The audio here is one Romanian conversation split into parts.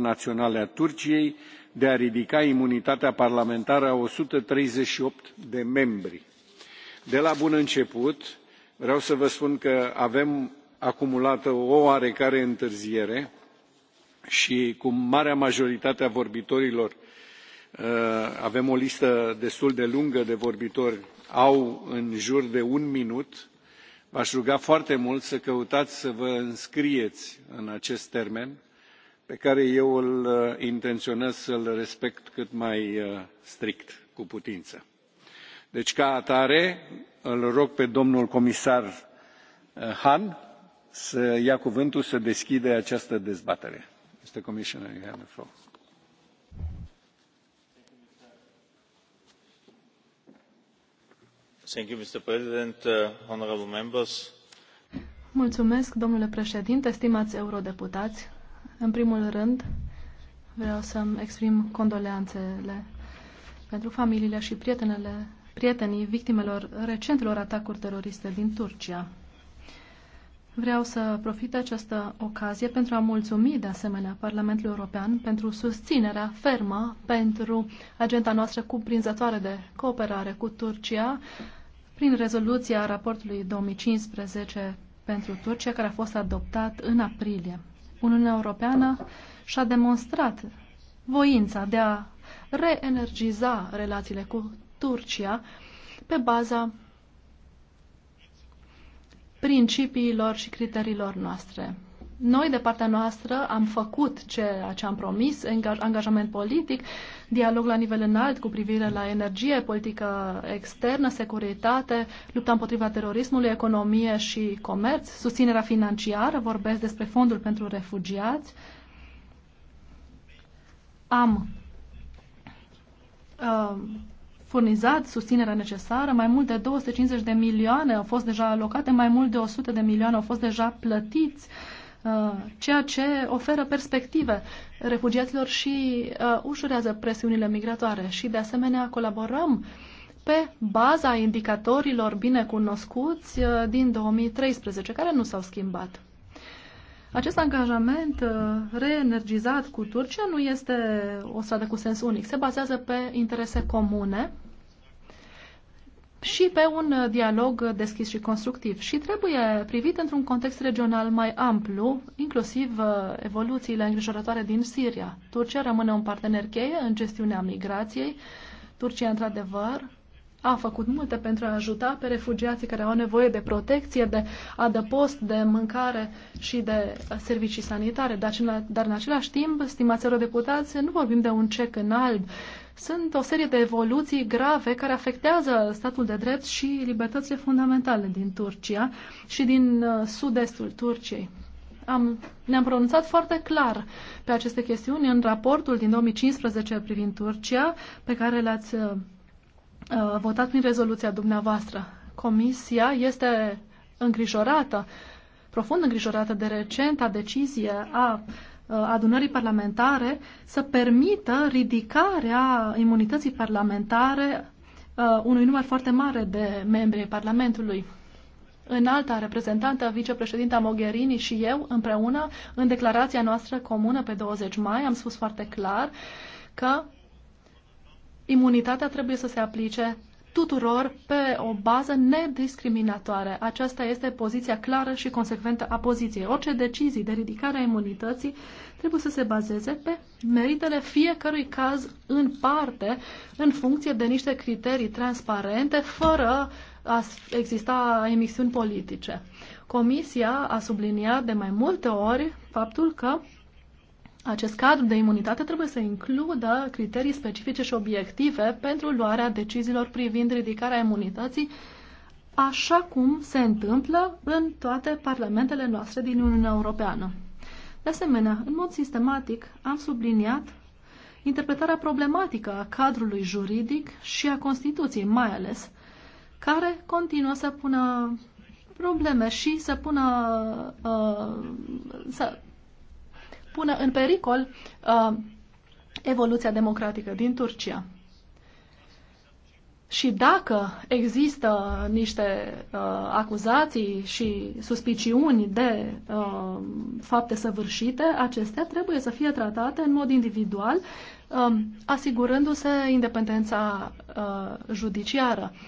naționale a turciei de a ridica imunitatea parlamentară a o sută treizeci și opt de membri. de la bun început vreau să vă spun că avem acumulată o oarecare întârziere și cu marea majoritate a vorbitorilor uh, avem o listă destul de lungă de vorbitori au în jur de un minut v aș ruga foarte mult să căutați să vă înscrieți în acest termen pe care eu îl uh, intenționez să l respect cât mai uh, strict cu putință. deci ca atare îl rog pe domnul comisar uh, Han să ia cuvântul să deschide această dezbatere. Mr. Commissioner, you have the floor. mr president honourable members mulțumesc domnule președinte stimați eurodeputați în primul rând, vreau să-mi exprim condoleanțele pentru familiile și prietenele, prietenii victimelor recentelor atacuri teroriste din Turcia. Vreau să profit de această ocazie pentru a mulțumi de asemenea Parlamentului European pentru susținerea fermă pentru agenda noastră cuprinzătoare de cooperare cu Turcia prin rezoluția raportului 2015 pentru Turcia care a fost adoptat în aprilie. Uniunea Europeană și-a demonstrat voința de a reenergiza relațiile cu Turcia pe baza principiilor și criteriilor noastre. Noi, de partea noastră, am făcut ceea ce am promis, angajament politic, dialog la nivel înalt cu privire la energie, politică externă, securitate, lupta împotriva terorismului, economie și comerț, susținerea financiară, vorbesc despre fondul pentru refugiați. Am uh, furnizat susținerea necesară, mai mult de 250 de milioane au fost deja alocate, mai mult de 100 de milioane au fost deja plătiți. Uh, Uh, ceea ce oferă perspective refugiaților și uh, ușurează presiunile migratoare. Și, de asemenea, colaborăm pe baza indicatorilor binecunoscuți uh, din 2013, care nu s-au schimbat. Acest angajament reenergizat cu Turcia nu este o stradă cu sens unic. Se bazează pe interese comune și pe un uh, dialog deschis și constructiv și trebuie privit într-un context regional mai amplu, inclusiv uh, evoluțiile îngrijorătoare din Siria. Turcia rămâne un partener cheie în gestiunea migrației. Turcia, într-adevăr, a făcut multe pentru a ajuta pe refugiații care au nevoie de protecție, de adăpost, de mâncare și de uh, servicii sanitare. Dar, dar în același timp, stimați eurodeputați, nu vorbim de un cec în alb. Uh, sunt o serie de evoluții grave care afectează statul de drept și libertățile fundamentale din Turcia și din uh, sud-estul Turciei. Am, ne-am pronunțat foarte clar pe aceste chestiuni în raportul din 2015 privind Turcia, pe care l-ați uh, uh, votat prin rezoluția dumneavoastră. Comisia este îngrijorată, profund îngrijorată de recenta decizie a Uh, adunării parlamentare să permită ridicarea imunității parlamentare uh, unui număr foarte mare de membri ai Parlamentului. alta reprezentantă, vicepreședinta Mogherini și eu împreună, în declarația noastră comună pe 20 mai, am spus foarte clar că imunitatea trebuie să se aplice tuturor pe o bază nediscriminatoare. Aceasta este poziția clară și consecventă a poziției. Orice decizii de ridicare a imunității trebuie să se bazeze pe meritele fiecărui caz în parte, în funcție de niște criterii transparente, fără a exista emisiuni politice. Comisia a subliniat de mai multe ori faptul că acest cadru de imunitate trebuie să includă criterii specifice și obiective pentru luarea deciziilor privind ridicarea imunității, așa cum se întâmplă în toate parlamentele noastre din Uniunea Europeană. De asemenea, în mod sistematic am subliniat interpretarea problematică a cadrului juridic și a Constituției mai ales, care continuă să pună probleme și să pună uh, să pună în pericol uh, evoluția democratică din Turcia. Și dacă există niște uh, acuzații și suspiciuni de uh, fapte săvârșite, acestea trebuie să fie tratate în mod individual, uh, asigurându-se independența uh, judiciară. Uh,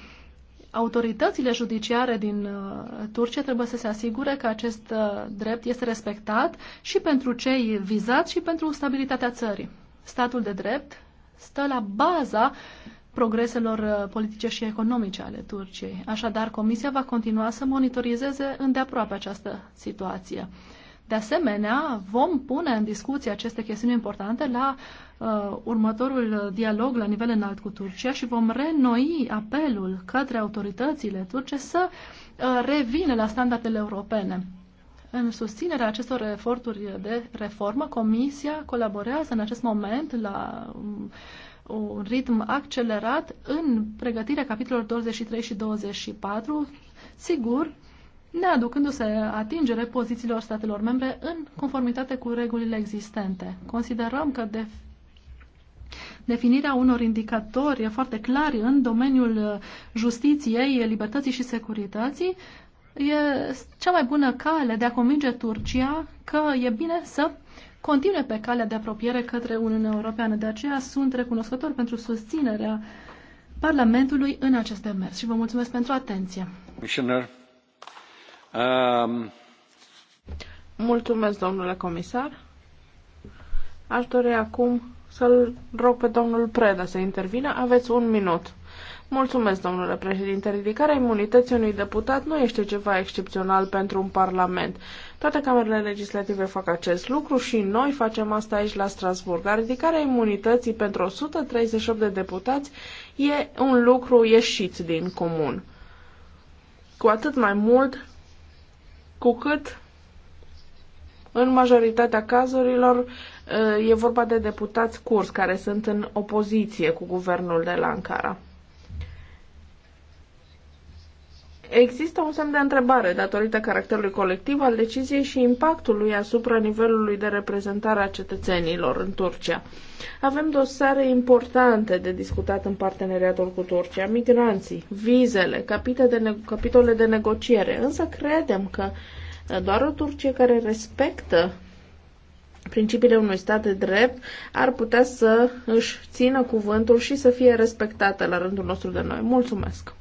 autoritățile judiciare din uh, Turcia trebuie să se asigure că acest uh, drept este respectat și pentru cei vizați și pentru stabilitatea țării. Statul de drept stă la baza progreselor uh, politice și economice ale Turciei. Așadar, Comisia va continua să monitorizeze îndeaproape această situație. De asemenea, vom pune în discuție aceste chestiuni importante la uh, următorul dialog la nivel înalt cu Turcia și vom renoi apelul către autoritățile turce să uh, revină la standardele europene. În susținerea acestor eforturi de reformă, Comisia colaborează în acest moment la um, un ritm accelerat în pregătirea capitolelor 23 și 24. Sigur, neaducându-se atingere pozițiilor statelor membre în conformitate cu regulile existente. Considerăm că de definirea unor indicatori foarte clari în domeniul uh, justiției, libertății și securității e cea mai bună cale de a convinge Turcia că e bine să continue pe calea de apropiere către Uniunea Europeană. De aceea sunt recunoscător pentru susținerea Parlamentului în acest demers și vă mulțumesc pentru atenție. Commissioner. Um, domnule comisar. Aș dori acum să-l rog pe domnul Preda să intervină. Aveți un minut. Mulțumesc, domnule președinte. Ridicarea imunității unui deputat nu este ceva excepțional pentru un parlament. Toate camerele legislative fac acest lucru și noi facem asta aici la Strasburg. Dar ridicarea imunității pentru 138 de deputați e un lucru ieșit din comun. Cu atât mai mult cu cât în majoritatea cazurilor e vorba de deputați curs care sunt în opoziție cu guvernul de la Ankara. Există un semn de întrebare datorită caracterului colectiv al deciziei și impactului asupra nivelului de reprezentare a cetățenilor în Turcia. Avem dosare importante de discutat în parteneriatul cu Turcia, migranții, vizele, de capitole de negociere, însă credem că eh, doar o Turcie care respectă principiile unui stat de drept ar putea să își țină cuvântul și să fie respectată la rândul nostru de noi. Mulțumesc!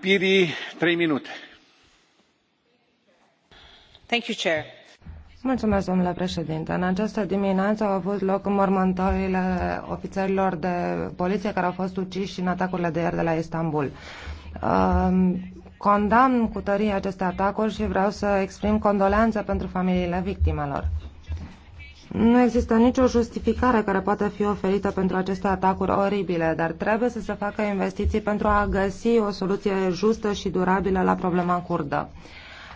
Piri, minute. Thank you, Chair. domnule președinte. În această dimineață au avut loc înmormântările ofițerilor de poliție care au fost uciși în atacurile de ieri de la Istanbul. Um, condamn cu tărie aceste atacuri și vreau să exprim condoleanțe pentru familiile victimelor. Nu există nicio justificare care poate fi oferită pentru aceste atacuri oribile, dar trebuie să se facă investiții pentru a găsi o soluție justă și durabilă la problema curdă.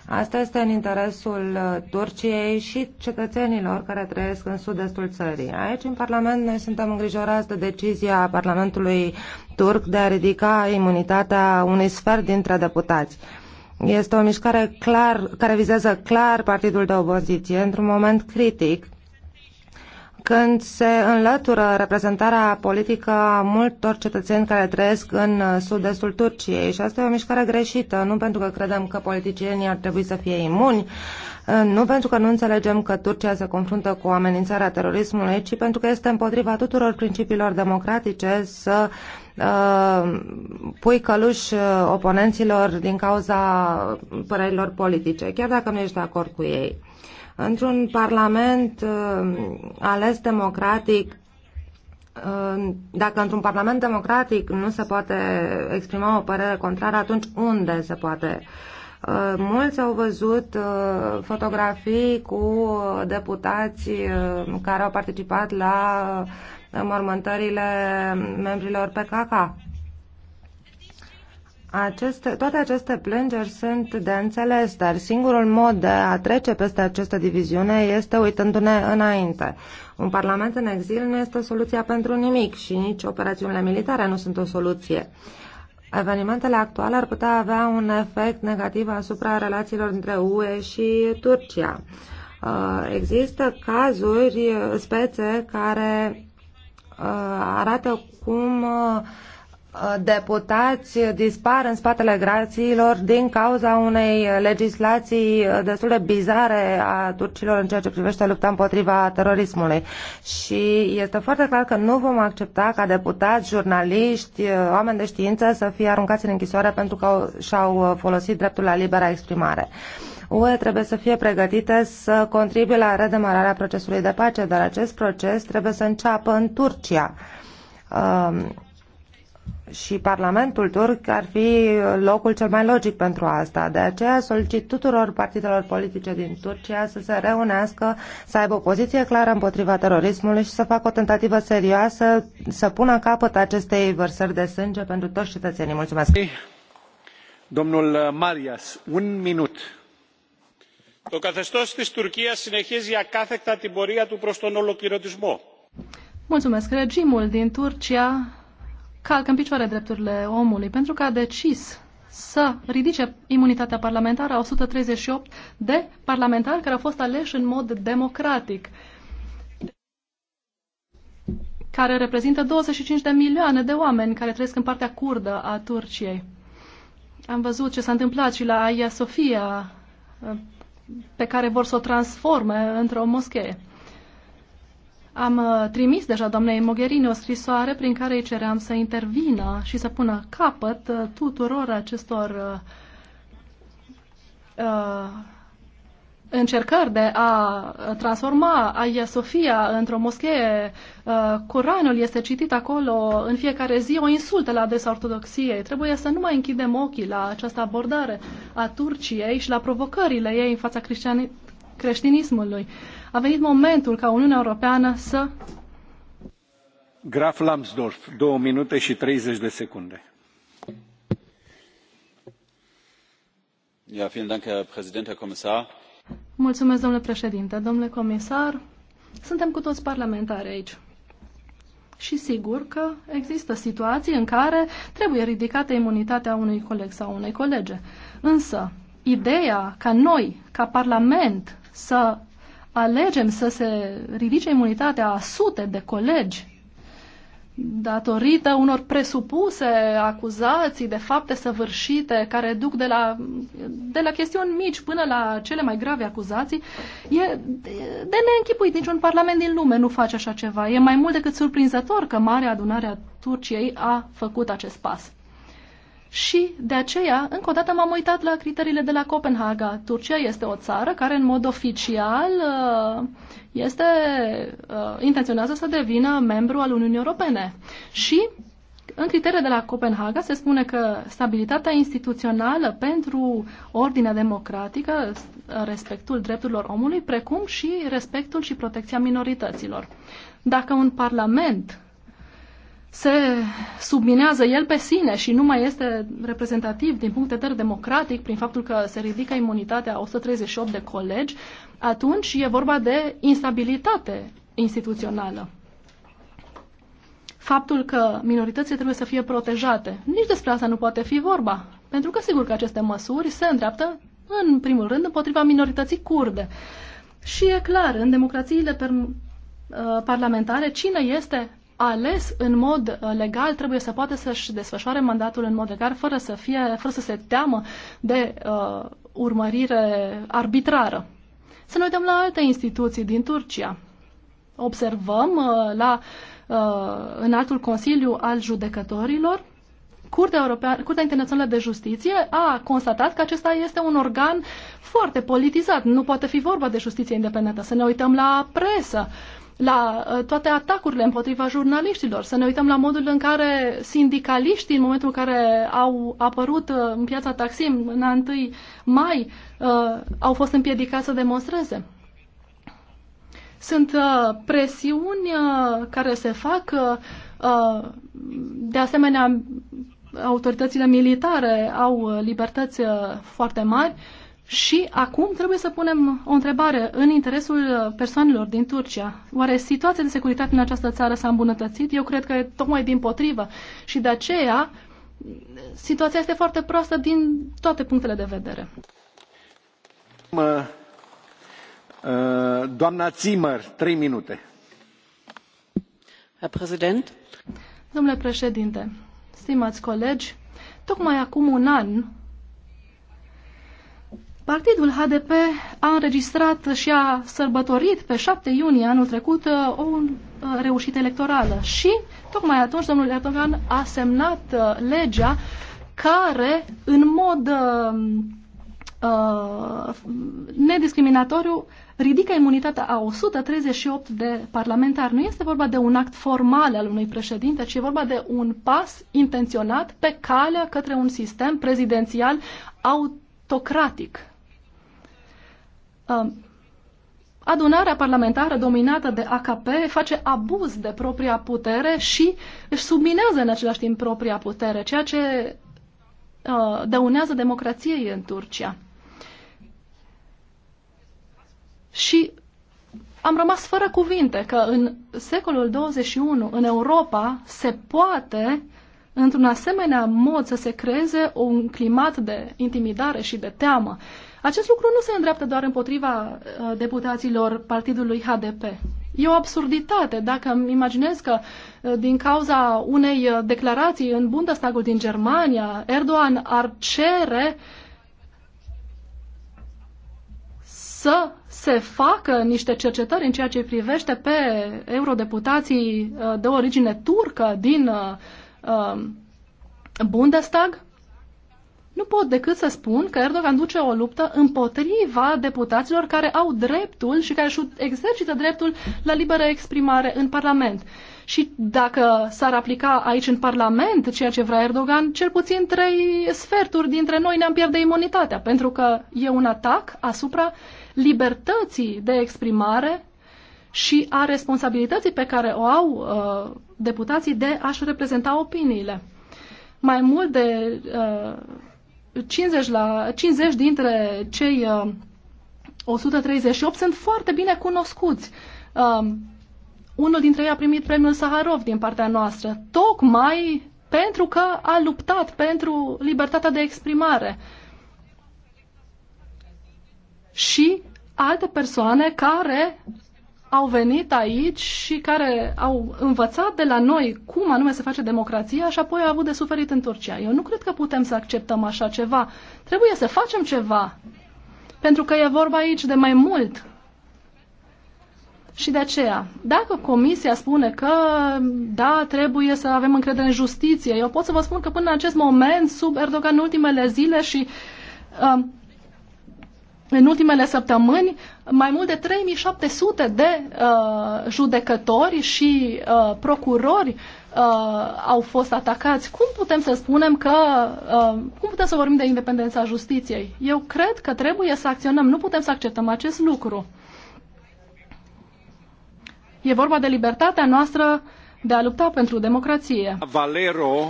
Asta este în interesul Turciei și cetățenilor care trăiesc în sud-estul țării. Aici, în Parlament, noi suntem îngrijorați de decizia Parlamentului turc de a ridica imunitatea unui sfert dintre deputați. Este o mișcare clar, care vizează clar partidul de opoziție într-un moment critic când se înlătură reprezentarea politică a multor cetățeni care trăiesc în uh, sud-estul Turciei. Și asta e o mișcare greșită, nu pentru că credem că politicienii ar trebui să fie imuni, uh, nu pentru că nu înțelegem că Turcia se confruntă cu amenințarea terorismului, ci pentru că este împotriva tuturor principiilor democratice să uh, pui căluși oponenților din cauza părerilor politice, chiar dacă nu ești de acord cu ei. Într-un parlament uh, ales democratic, uh, dacă într-un parlament democratic nu se poate exprima o părere contrară, atunci unde se poate? Uh, mulți au văzut fotografii cu deputați care au participat la mormântările membrilor PKK. Aceste, toate aceste plângeri sunt de înțeles, dar singurul mod de a trece peste această diviziune este uitându-ne înainte. Un parlament în exil nu este soluția pentru nimic și nici operațiunile militare nu sunt o soluție. Evenimentele actuale ar putea avea un efect negativ asupra relațiilor dintre UE și Turcia. Uh, există cazuri, uh, spețe, care uh, arată cum Uh, deputați dispar în spatele grațiilor din cauza unei legislații uh, destul de bizare a turcilor în ceea ce privește lupta împotriva terorismului. Și este foarte clar că nu vom accepta ca deputați, jurnaliști, uh, oameni de știință să fie aruncați în închisoare pentru că și-au folosit dreptul la libera exprimare. UE trebuie să fie pregătite să contribuie la redemararea procesului de pace, dar acest proces trebuie să înceapă în Turcia. Um, și Parlamentul turc ar fi locul cel mai logic pentru asta. De aceea solicit tuturor partidelor politice din Turcia să se reunească, să aibă o poziție clară împotriva terorismului și să facă o tentativă serioasă să pună capăt acestei vărsări de sânge pentru toți cetățenii. Mulțumesc! Domnul Marias, un minut. Το καθεστώς της Τουρκίας συνεχίζει ακάθεκτα την πορεία του προς τον ολοκληρωτισμό. Mulțumesc. Regimul din Turcia calcă în picioare drepturile omului pentru că a decis să ridice imunitatea parlamentară a 138 de parlamentari care au fost aleși în mod democratic, care reprezintă 25 de milioane de oameni care trăiesc în partea curdă a Turciei. Am văzut ce s-a întâmplat și la Aia Sofia, pe care vor să o transforme într-o moschee. Am uh, trimis deja doamnei Mogherini o scrisoare prin care îi ceream să intervină și să pună capăt uh, tuturor acestor uh, uh, încercări de a transforma Aia Sofia într-o moschee. Uh, Coranul este citit acolo în fiecare zi, o insultă la adresa ortodoxiei. Trebuie să nu mai închidem ochii la această abordare a Turciei și la provocările ei în fața creștinismului. A venit momentul ca Uniunea Europeană să... Graf Lambsdorff, două minute și 30 de secunde. Ja, vielen Dank, Herr Präsident, Herr Kommissar. Mulțumesc, domnule președinte. Domnule comisar, suntem cu toți parlamentari aici. Și sigur că există situații în care trebuie ridicată imunitatea unui coleg sau unei colege. Însă, ideea ca noi, ca Parlament, să alegem să se ridice imunitatea a sute de colegi datorită unor presupuse acuzații de fapte săvârșite care duc de la, de la chestiuni mici până la cele mai grave acuzații, e de neînchipuit. Niciun parlament din lume nu face așa ceva. E mai mult decât surprinzător că Marea Adunare a Turciei a făcut acest pas. Și de aceea, încă o dată m-am uitat la criteriile de la Copenhaga. Turcia este o țară care în mod oficial uh, este, uh, intenționează să devină membru al Uniunii Europene. Și în criteriile de la Copenhaga se spune că stabilitatea instituțională pentru ordinea democratică, respectul drepturilor omului, precum și respectul și protecția minorităților. Dacă un parlament se subminează el pe sine și nu mai este reprezentativ din punct de vedere democratic prin faptul că se ridică imunitatea 138 de colegi, atunci e vorba de instabilitate instituțională. Faptul că minoritățile trebuie să fie protejate, nici despre asta nu poate fi vorba, pentru că sigur că aceste măsuri se îndreaptă în primul rând împotriva minorității kurde. Și e clar, în democrațiile per, uh, parlamentare, cine este ales în mod uh, legal trebuie să poată să-și desfășoare mandatul în mod legal fără să, fie, fără să se teamă de uh, urmărire arbitrară. Să ne uităm la alte instituții din Turcia. Observăm uh, la uh, în altul Consiliu al Judecătorilor Curtea, European, Curtea Internațională de Justiție a constatat că acesta este un organ foarte politizat. Nu poate fi vorba de justiție independentă. Să ne uităm la presă. Uh, la uh, toate atacurile împotriva jurnaliștilor, să ne uităm la modul în care sindicaliștii, în momentul în care au apărut uh, în piața Taxim, în 1 mai, uh, au fost împiedicați să demonstreze. Sunt presiuni care se fac, de asemenea, autoritățile militare au libertăți foarte mari, și acum trebuie să punem o întrebare în interesul persoanelor din Turcia. Oare situația de securitate în această țară s-a îmbunătățit? Eu cred că e tocmai din potrivă. Și de aceea situația este foarte proastă din toate punctele de vedere. Uh, doamna Zimmer, trei minute. Domnule președinte, stimați colegi, tocmai acum un an Partidul HDP a înregistrat și a sărbătorit pe 7 iunie anul trecut uh, o uh, reușită electorală și tocmai atunci domnul Erdogan a semnat uh, legea care în mod uh, nediscriminatoriu ridică imunitatea a 138 de parlamentari. Nu este vorba de un act formal al unui președinte, ci e vorba de un pas intenționat pe calea către un sistem prezidențial autocratic. Um, adunarea parlamentară dominată de AKP face abuz de propria putere și își subminează în același timp propria putere, ceea ce uh, dăunează democrației în Turcia. Și am rămas fără cuvinte că în secolul 21 în Europa se poate într-un asemenea mod să se creeze un climat de intimidare și de teamă. Acest lucru nu se îndreaptă doar împotriva uh, deputaților partidului HDP. E o absurditate dacă îmi imaginez că uh, din cauza unei uh, declarații în Bundestagul din Germania, Erdogan ar cere să se facă niște cercetări în ceea ce privește pe eurodeputații de origine turcă din um, Bundestag, nu pot decât să spun că Erdogan duce o luptă împotriva deputaților care au dreptul și care își exercită dreptul la liberă exprimare în Parlament. Și dacă s-ar aplica aici în Parlament ceea ce vrea Erdogan, cel puțin trei sferturi dintre noi ne-am pierde imunitatea, pentru că e un atac asupra libertății de exprimare și a responsabilității pe care o au uh, deputații de a-și reprezenta opiniile. Mai mult de uh, 50, la, 50 dintre cei 138 uh, sunt foarte bine cunoscuți. Um, unul dintre ei a primit premiul Saharov din partea noastră, tocmai pentru că a luptat pentru libertatea de exprimare. Și alte persoane care au venit aici și care au învățat de la noi cum anume se face democrația și apoi au avut de suferit în Turcia. Eu nu cred că putem să acceptăm așa ceva. Trebuie să facem ceva. Pentru că e vorba aici de mai mult. Și de aceea, dacă comisia spune că da, trebuie să avem încredere în justiție, eu pot să vă spun că până în acest moment, sub Erdogan, în ultimele zile și uh, în ultimele săptămâni mai mult de 3700 de uh, judecători și uh, procurori uh, au fost atacați. Cum putem să spunem că uh, cum putem să vorbim de independența justiției? Eu cred că trebuie să acționăm, nu putem să acceptăm acest lucru. E vorba de libertatea noastră de a lupta pentru democrație. Valero,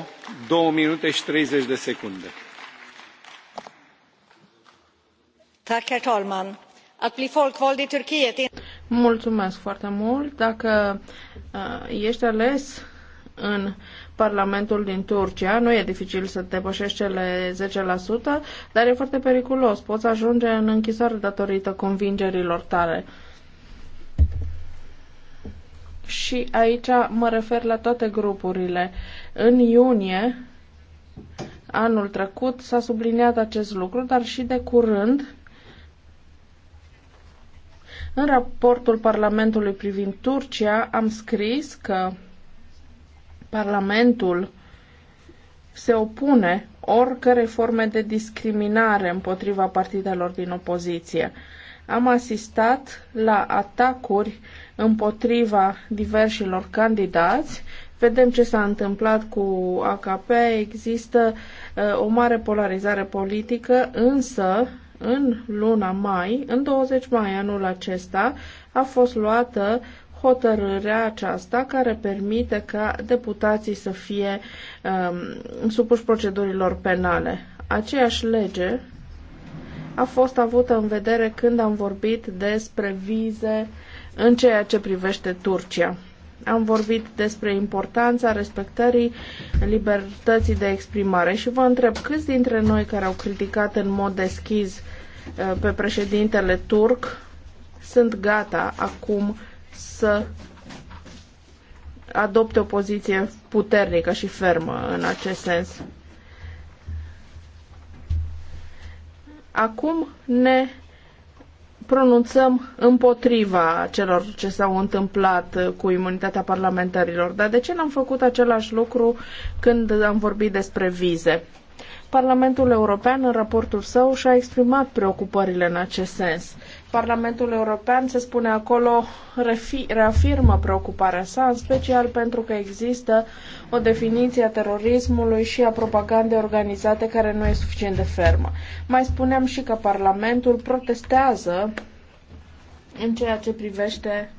2 minute și 30 de secunde. Mulțumesc foarte mult. Dacă uh, ești ales în Parlamentul din Turcia, nu e dificil să depășești cele 10%, dar e foarte periculos. Poți ajunge în închisoare datorită convingerilor tale. Și aici mă refer la toate grupurile. În iunie anul trecut s-a subliniat acest lucru, dar și de curând în raportul Parlamentului privind Turcia am scris că Parlamentul se opune oricărei forme de discriminare împotriva partidelor din opoziție. Am asistat la atacuri împotriva diversilor candidați. Vedem ce s-a întâmplat cu AKP. Există uh, o mare polarizare politică, însă în luna mai, în 20 mai anul acesta, a fost luată hotărârea aceasta care permite ca deputații să fie um, supuși procedurilor penale. Aceeași lege a fost avută în vedere când am vorbit despre vize în ceea ce privește Turcia. Am vorbit despre importanța respectării libertății de exprimare și vă întreb câți dintre noi care au criticat în mod deschis uh, pe președintele turc sunt gata acum să adopte o poziție puternică și fermă în acest sens. Acum ne pronunțăm împotriva celor ce s-au întâmplat cu imunitatea parlamentarilor. Dar de ce n-am făcut același lucru când am vorbit despre vize? Parlamentul European, în raportul său, și-a exprimat preocupările în acest sens. Parlamentul European, se spune acolo, reafirmă preocuparea sa, în special pentru că există o definiție a terorismului și a propagandei organizate care nu e suficient de fermă. Mai spuneam și că Parlamentul protestează în ceea ce privește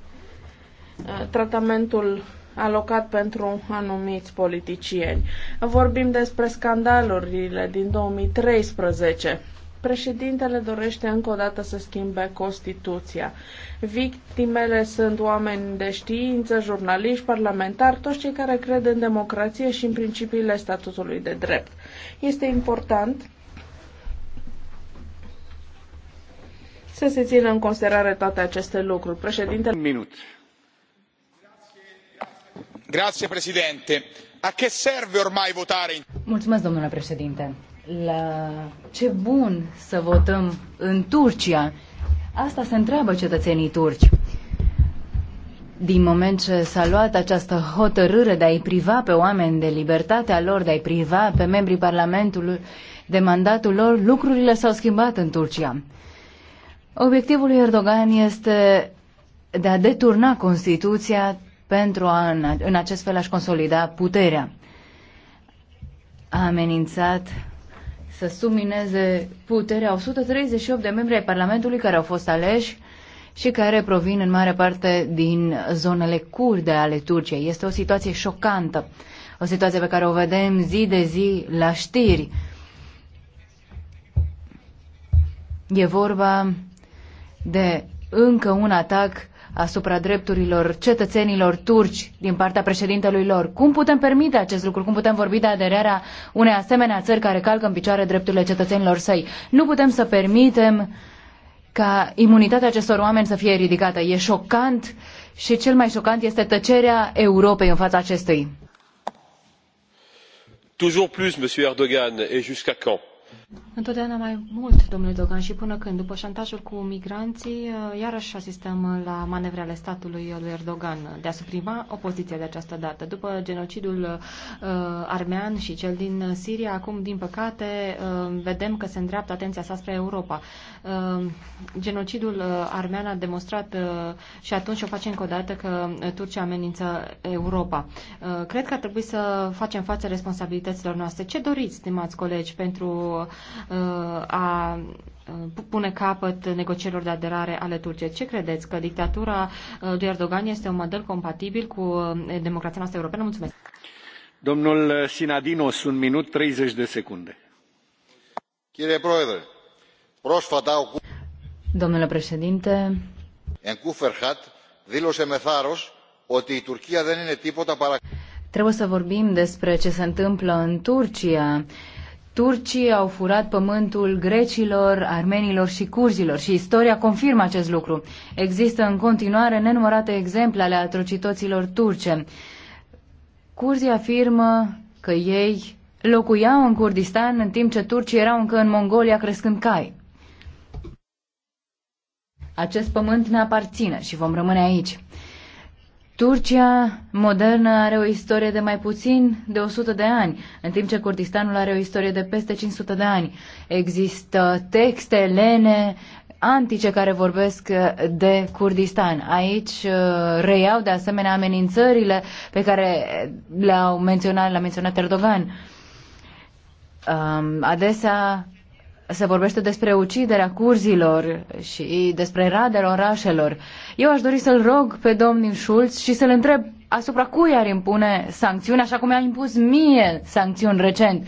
uh, tratamentul alocat pentru anumiți politicieni. Vorbim despre scandalurile din 2013. Președintele dorește încă o dată să schimbe Constituția. Victimele sunt oameni de știință, jurnaliști, parlamentari, toți cei care cred în democrație și în principiile statutului de drept. Este important să se țină în considerare toate aceste lucruri. Președintele... Un minut. Mulțumesc, domnule președinte. La ce bun să votăm în Turcia? Asta se întreabă cetățenii turci. Din moment ce s-a luat această hotărâre de a-i priva pe oameni de libertatea lor, de a-i priva pe membrii Parlamentului de mandatul lor, lucrurile s-au schimbat în Turcia. Obiectivul lui Erdogan este de a deturna Constituția pentru a, în acest fel, aș consolida puterea. A amenințat să submineze puterea 138 de membri ai Parlamentului care au fost aleși și care provin în mare parte din zonele curde ale Turciei. Este o situație șocantă, o situație pe care o vedem zi de zi la știri. E vorba de încă un atac asupra drepturilor cetățenilor turci din partea președintelui lor. Cum putem permite acest lucru? Cum putem vorbi de aderarea unei asemenea țări care calcă în picioare drepturile cetățenilor săi? Nu putem să permitem ca imunitatea acestor oameni să fie ridicată. E șocant și cel mai șocant este tăcerea Europei în fața acestui. Toujours plus, monsieur Erdogan, et jusqu'à quand? Întotdeauna mai mult, domnule Dogan, și până când? După șantajul cu migranții, uh, iarăși asistăm uh, la manevrele statului lui Erdogan de a suprima opoziția de această dată. După genocidul uh, armean și cel din Siria, acum, din păcate, uh, vedem că se îndreaptă atenția sa spre Europa. Uh, genocidul uh, armean a demonstrat uh, și atunci o face încă o dată că Turcia amenință Europa. Uh, cred că ar trebui să facem față responsabilităților noastre. Ce doriți, stimați colegi, pentru Uh, a uh, pune capăt negocierilor de aderare ale Turciei. Ce credeți? Că dictatura uh, lui Erdogan este un model compatibil cu democrația noastră europeană? Mulțumesc! Domnul Sinadinos, un minut 30 de secunde. Domnule președinte, Turcia Trebuie să vorbim despre ce se întâmplă în Turcia. Turcii au furat pământul grecilor, armenilor și curzilor și istoria confirmă acest lucru. Există în continuare nenumărate exemple ale atrocităților turce. Curzii afirmă că ei locuiau în Kurdistan în timp ce turcii erau încă în Mongolia crescând cai. Acest pământ ne aparține și vom rămâne aici. Turcia modernă are o istorie de mai puțin de 100 de ani, în timp ce Kurdistanul are o istorie de peste 500 de ani. Există texte elene antice care vorbesc uh, de Kurdistan. Aici uh, reiau de asemenea amenințările pe care le-au menționat, le-a menționat Erdogan. Um, adesea se vorbește despre uciderea curzilor și despre radele orașelor. Eu aș dori să-l rog pe domnul Schulz și să-l întreb asupra cui ar impune sancțiuni, așa cum i-a impus mie sancțiuni recent,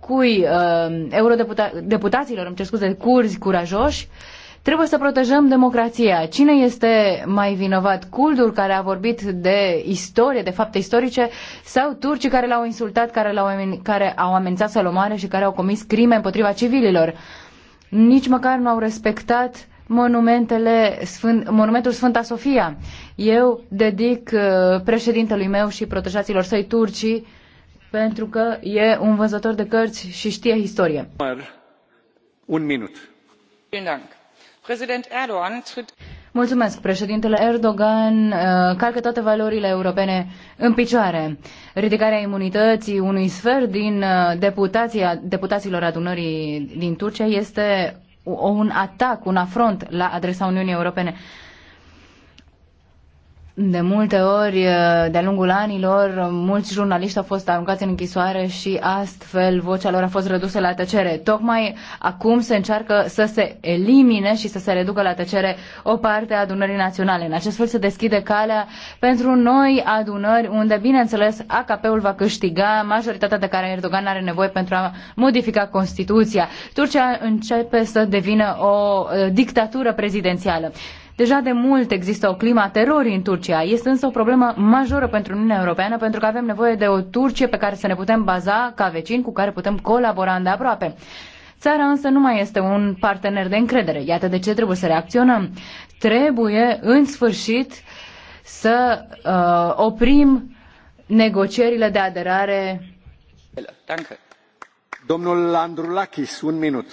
cui uh, eurodeputaților, îmi cer scuze, curzi curajoși, uh, Trebuie să protejăm democrația. Cine este mai vinovat? Culdur care a vorbit de istorie, de fapte istorice, sau turcii care l-au insultat, care, l-au, care au amenințat să-l omoare și care au comis crime împotriva civililor? Nici măcar nu au respectat monumentele Sfânt, monumentul Sfânta Sofia. Eu dedic uh, președintelui meu și protejaților săi turcii pentru că e un văzător de cărți și știe istorie. Un minut. Vielen Președintele Erdogan uh, calcă toate valorile europene în picioare. Ridicarea imunității unui sfert din uh, deputația, deputaților adunării din Turcia este un atac, un afront la adresa Uniunii Europene. De multe ori, uh, de-a lungul anilor, mulți jurnaliști au fost aruncați în închisoare și astfel vocea lor a fost redusă la tăcere. Tocmai acum se încearcă să se elimine și să se reducă la tăcere o parte a adunării naționale. În acest fel se deschide calea pentru noi adunări unde, bineînțeles, AKP-ul va câștiga majoritatea de care Erdogan are nevoie pentru a modifica Constituția. Turcia începe să devină o uh, dictatură prezidențială. Deja de mult există o clima terorii în Turcia. Este însă o problemă majoră pentru Uniunea Europeană pentru că avem nevoie de o Turcie pe care să ne putem baza ca vecini cu care putem colabora îndeaproape. Țara însă nu mai este un partener de încredere. Iată de ce trebuie să reacționăm. Trebuie, în sfârșit, să uh, oprim negocierile de aderare. Domnul Andrulakis, un minut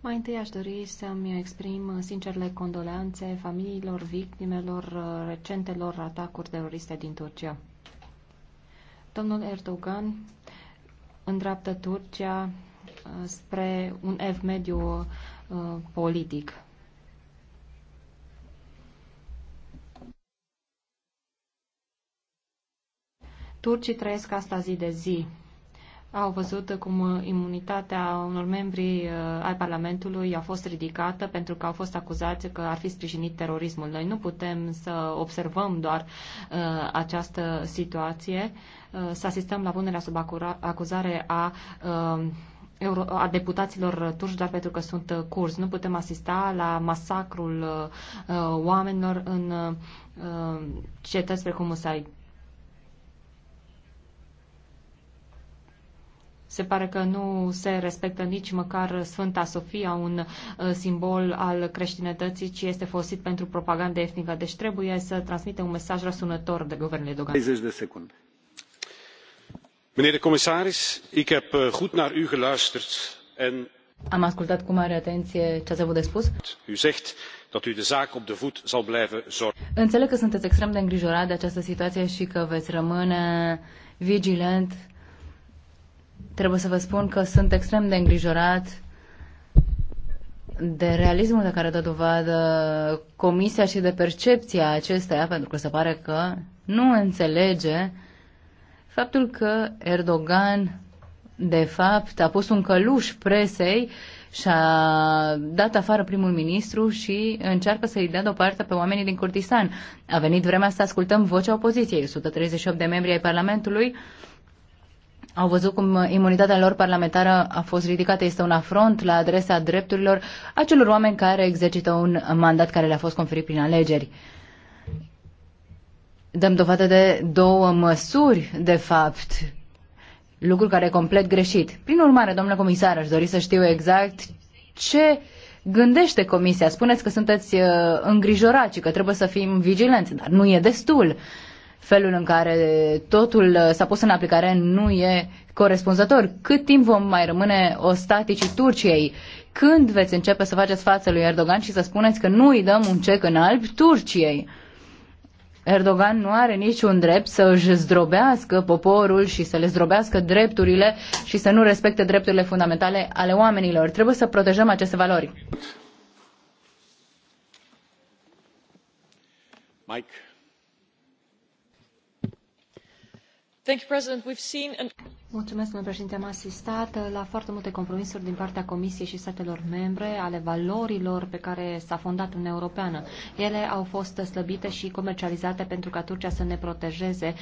mai întâi aș dori să îmi exprim sincerele condoleanțe familiilor victimelor recentelor atacuri teroriste din Turcia. Domnul Erdogan îndreaptă Turcia uh, spre un ev mediu uh, politic. Turcii trăiesc asta zi de zi au văzut cum imunitatea unor membri uh, ai Parlamentului a fost ridicată pentru că au fost acuzați că ar fi sprijinit terorismul. Noi nu putem să observăm doar uh, această situație, uh, să asistăm la punerea sub acuzare a uh, a deputaților turci doar pentru că sunt curzi. Nu putem asista la masacrul uh, oamenilor în uh, uh cetăți precum Musaid. Se pare că nu se respectă nici măcar Sfânta Sofia, un uh, simbol al creștinătății, ci este folosit pentru propagandă etnică. Deci trebuie să transmite un mesaj răsunător de guvernul Dogan. 30 de secunde. Meneer de comisaris, ik heb uh, goed naar u geluisterd en am ascultat cu mare atenție ce ați avut de spus. U zegt dat u de zaak op de voet zal blijven zorgen. Înțeleg că sunteți extrem de îngrijorat de această situație și că veți rămâne vigilant trebuie să vă spun că sunt extrem de îngrijorat de realismul de care dă dovadă comisia și de percepția acesteia, pentru că se pare că nu înțelege faptul că Erdogan, de fapt, a pus un căluș presei și a dat afară primul ministru și încearcă să-i dea deoparte pe oamenii din Kurdistan. A venit vremea să ascultăm vocea opoziției. 138 de membri ai Parlamentului uh, au văzut cum imunitatea lor parlamentară a fost ridicată. Este un afront la adresa drepturilor acelor oameni care exercită un mandat care le-a fost conferit prin alegeri. Dăm dovadă de două măsuri, de fapt, lucru care e complet greșit. Prin urmare, domnule comisar, aș dori să știu exact ce gândește comisia. Spuneți că sunteți uh, îngrijorați și că trebuie să fim vigilenți, dar nu e destul. Uh, felul în care totul uh, s-a pus în aplicare nu e corespunzător. Cât timp vom mai rămâne ostaticii Turciei? Când veți începe să faceți față lui Erdogan și să spuneți că nu îi dăm un cec în alb Turciei? Erdogan nu are niciun drept să își zdrobească poporul și să le zdrobească drepturile și să nu respecte drepturile fundamentale ale oamenilor. Trebuie să protejăm aceste valori. Mike. Mulțumesc, domnule președinte. Am asistat la foarte multe compromisuri din partea Comisiei și statelor membre ale valorilor pe care s-a fondat Uniunea Europeană. Ele au fost slăbite și comercializate pentru ca Turcia să ne protejeze uh,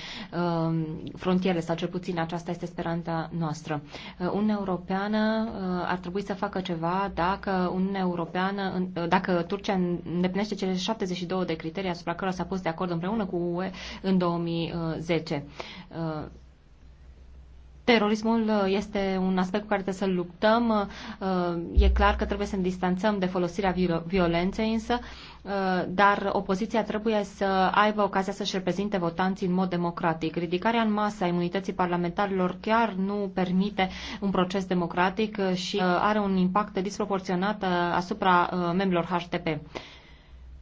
frontierele, sau cel puțin aceasta este speranța noastră. Uh, Uniunea Europeană uh, ar trebui să facă ceva dacă Uniunea Europeană, uh, dacă Turcia îndeplinește cele 72 de criterii asupra cărora s-a pus de acord împreună cu UE în 2010. Uh, uh terorismul uh, este un aspect cu care trebuie să luptăm. Uh, e clar că trebuie să ne distanțăm de folosirea violenței, însă, uh, dar opoziția trebuie să aibă ocazia să-și reprezinte votanții în mod democratic. Ridicarea în masă a imunității parlamentarilor chiar nu permite un proces democratic și are un impact disproporționat asupra membrilor HTP.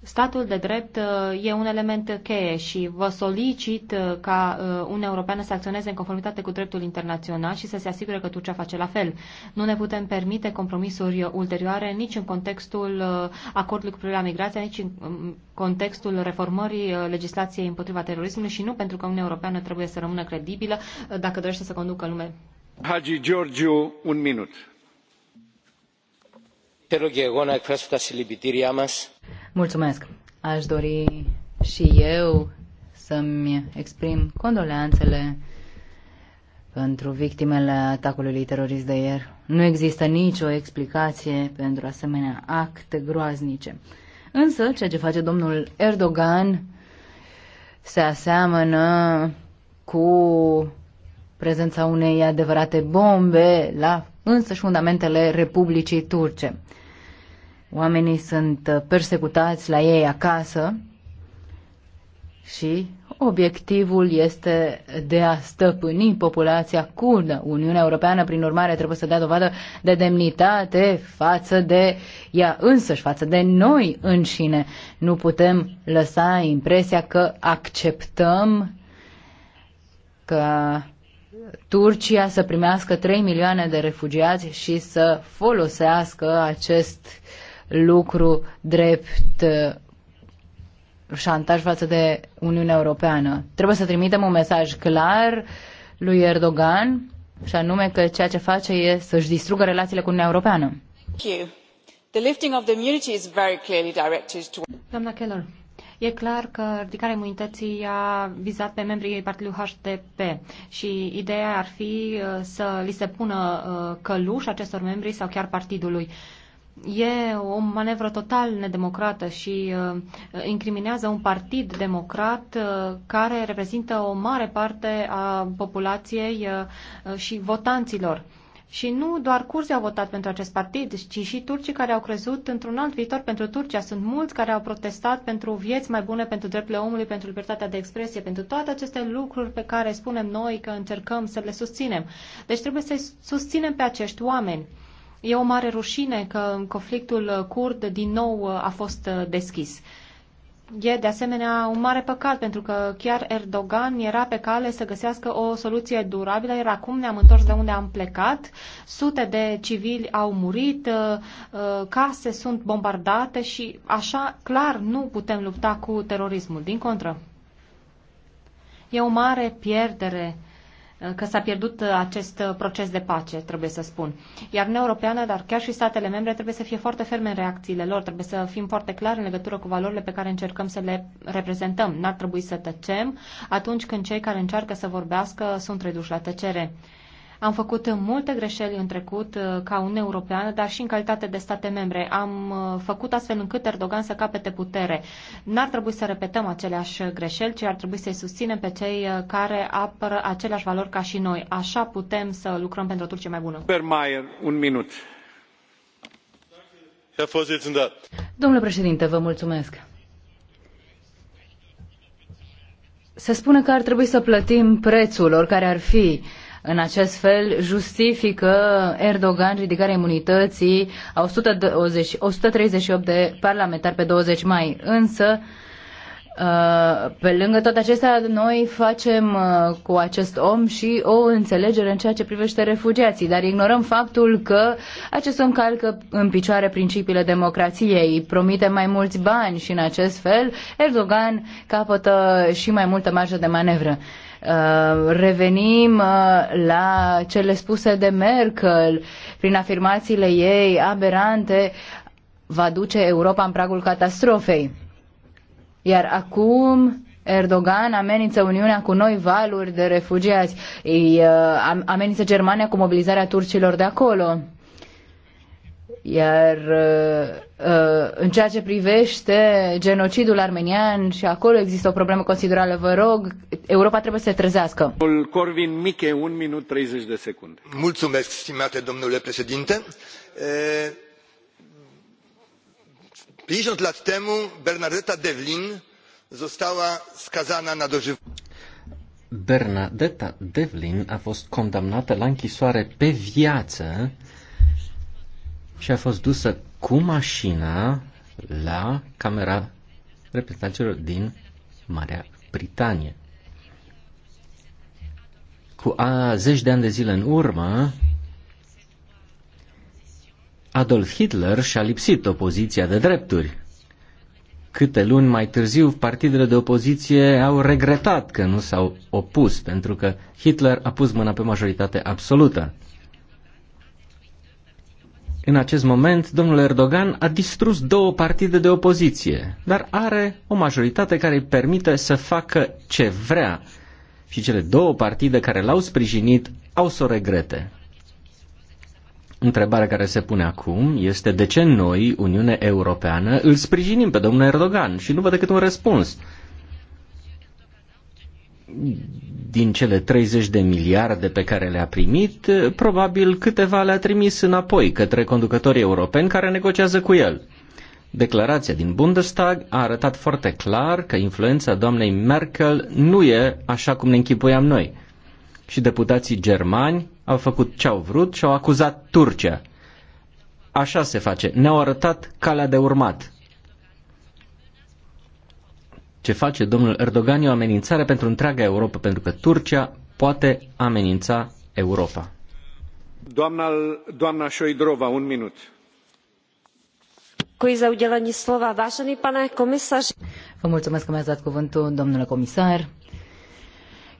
Statul de drept uh, e un element cheie și vă solicit uh, ca uh, Uniunea Europeană să acționeze în conformitate cu dreptul internațional și să se asigure că Turcia face la fel. Nu ne putem permite compromisuri ulterioare nici în contextul acordului cu privire la migrație, nici în contextul reformării legislației împotriva terorismului și nu pentru că Uniunea Europeană trebuie să rămână credibilă dacă dorește să conducă lume. Hagi Georgiu, un minut Mulțumesc. Aș dori și eu să-mi exprim condoleanțele pentru victimele atacului terorist de ieri. Nu există nicio explicație pentru asemenea acte groaznice. Însă, ceea ce face domnul Erdogan se aseamănă cu prezența unei adevărate bombe la însăși fundamentele Republicii Turce. Oamenii sunt persecutați la ei acasă și obiectivul este de a stăpâni populația curdă. Uniunea Europeană, prin urmare, trebuie să dea dovadă de demnitate față de ea însăși, față de noi înșine. Nu putem lăsa impresia că acceptăm că Turcia să primească 3 milioane de refugiați și să folosească acest lucru drept uh, șantaj față de Uniunea Europeană. Trebuie să trimitem un mesaj clar lui Erdogan și anume că ceea ce face e să-și distrugă relațiile cu Uniunea Europeană. Doamna Keller, E clar că ridicarea imunității a vizat pe membrii partidului HDP și ideea ar fi uh, să li se pună uh, căluș acestor membri sau chiar partidului e o manevră total nedemocrată și uh, incriminează un partid democrat uh, care reprezintă o mare parte a populației uh, și votanților. Uh, și nu doar curzii au votat pentru acest partid, ci și turcii care au crezut într-un alt viitor pentru Turcia. Sunt mulți care au protestat pentru vieți mai bune, pentru drepturile omului, pentru libertatea de expresie, pentru toate aceste lucruri pe care spunem noi că încercăm să le susținem. Deci trebuie să susținem pe acești oameni. E o mare rușine că conflictul curd din nou a fost deschis. E de asemenea un mare păcat pentru că chiar Erdogan era pe cale să găsească o soluție durabilă, iar acum ne-am întors de unde am plecat, sute de civili au murit, uh, uh, case sunt bombardate și așa clar nu putem lupta cu terorismul. Din contră, e o mare pierdere că s-a pierdut uh, acest uh, proces de pace, trebuie să spun. Iar Uniunea Europeană, dar chiar și statele membre, trebuie să fie foarte ferme în reacțiile lor, trebuie să fim foarte clari în legătură cu valorile pe care încercăm să le reprezentăm. N-ar trebui să tăcem atunci când cei care încearcă să vorbească sunt reduși la tăcere. Am făcut multe greșeli în trecut uh, ca un Europeană, dar și în calitate de state membre. Am uh, făcut astfel încât Erdogan să capete putere. N-ar trebui să repetăm aceleași greșeli, ci ar trebui să-i susținem pe cei uh, care apără aceleași valori ca și noi. Așa putem să lucrăm pentru o Turcie mai bună. Bermaier, un minut. Domnule președinte, vă mulțumesc. Se spune că ar trebui să plătim prețul oricare ar fi în acest fel justifică Erdogan ridicarea imunității a 120, 138 de parlamentari pe 20 mai. Însă, uh, pe lângă toate acestea, noi facem uh, cu acest om și o înțelegere în ceea ce privește refugiații, dar ignorăm faptul că acest om calcă în picioare principiile democrației, promite mai mulți bani și în acest fel Erdogan capătă și mai multă marjă de manevră. Uh, revenim uh, la cele spuse de Merkel prin afirmațiile ei aberante va duce Europa în pragul catastrofei. Iar acum Erdogan amenință Uniunea cu noi valuri de refugiați, îi uh, amenință Germania cu mobilizarea turcilor de acolo. Iar uh, uh, în ceea ce privește genocidul armenian și acolo există o problemă considerabilă, vă rog, Europa trebuie să se trezească. Corvin Miche, un minut 30 de secunde. Mulțumesc, stimate domnule președinte. Prijunt la temu Bernadetta Devlin została skazana na dożywocie. Bernadetta Devlin a fost condamnată la închisoare pe viață și a fost dusă cu mașina la Camera Reprezentanților din Marea Britanie. Cu a zeci de ani de zile în urmă, Adolf Hitler și-a lipsit opoziția de drepturi. Câte luni mai târziu, partidele de opoziție au regretat că nu s-au opus, pentru că Hitler a pus mâna pe majoritate absolută în acest moment, domnul Erdogan a distrus două partide de opoziție, dar are o majoritate care îi permite să facă ce vrea și cele două partide care l-au sprijinit au să o regrete. Întrebarea care se pune acum este de ce noi, Uniunea Europeană, îl sprijinim pe domnul Erdogan și nu văd decât un răspuns din cele 30 de miliarde pe care le-a primit, probabil câteva le-a trimis înapoi către conducătorii europeni care negociază cu el. Declarația din Bundestag a arătat foarte clar că influența doamnei Merkel nu e așa cum ne închipuiam noi. Și deputații germani au făcut ce au vrut și au acuzat Turcia. Așa se face. Ne-au arătat calea de urmat ce face domnul Erdogan e o amenințare pentru întreaga Europa, pentru că Turcia poate amenința Europa. Doamna, doamna Șoidrova, un minut. Vă mulțumesc că mi-ați dat cuvântul, domnule comisar.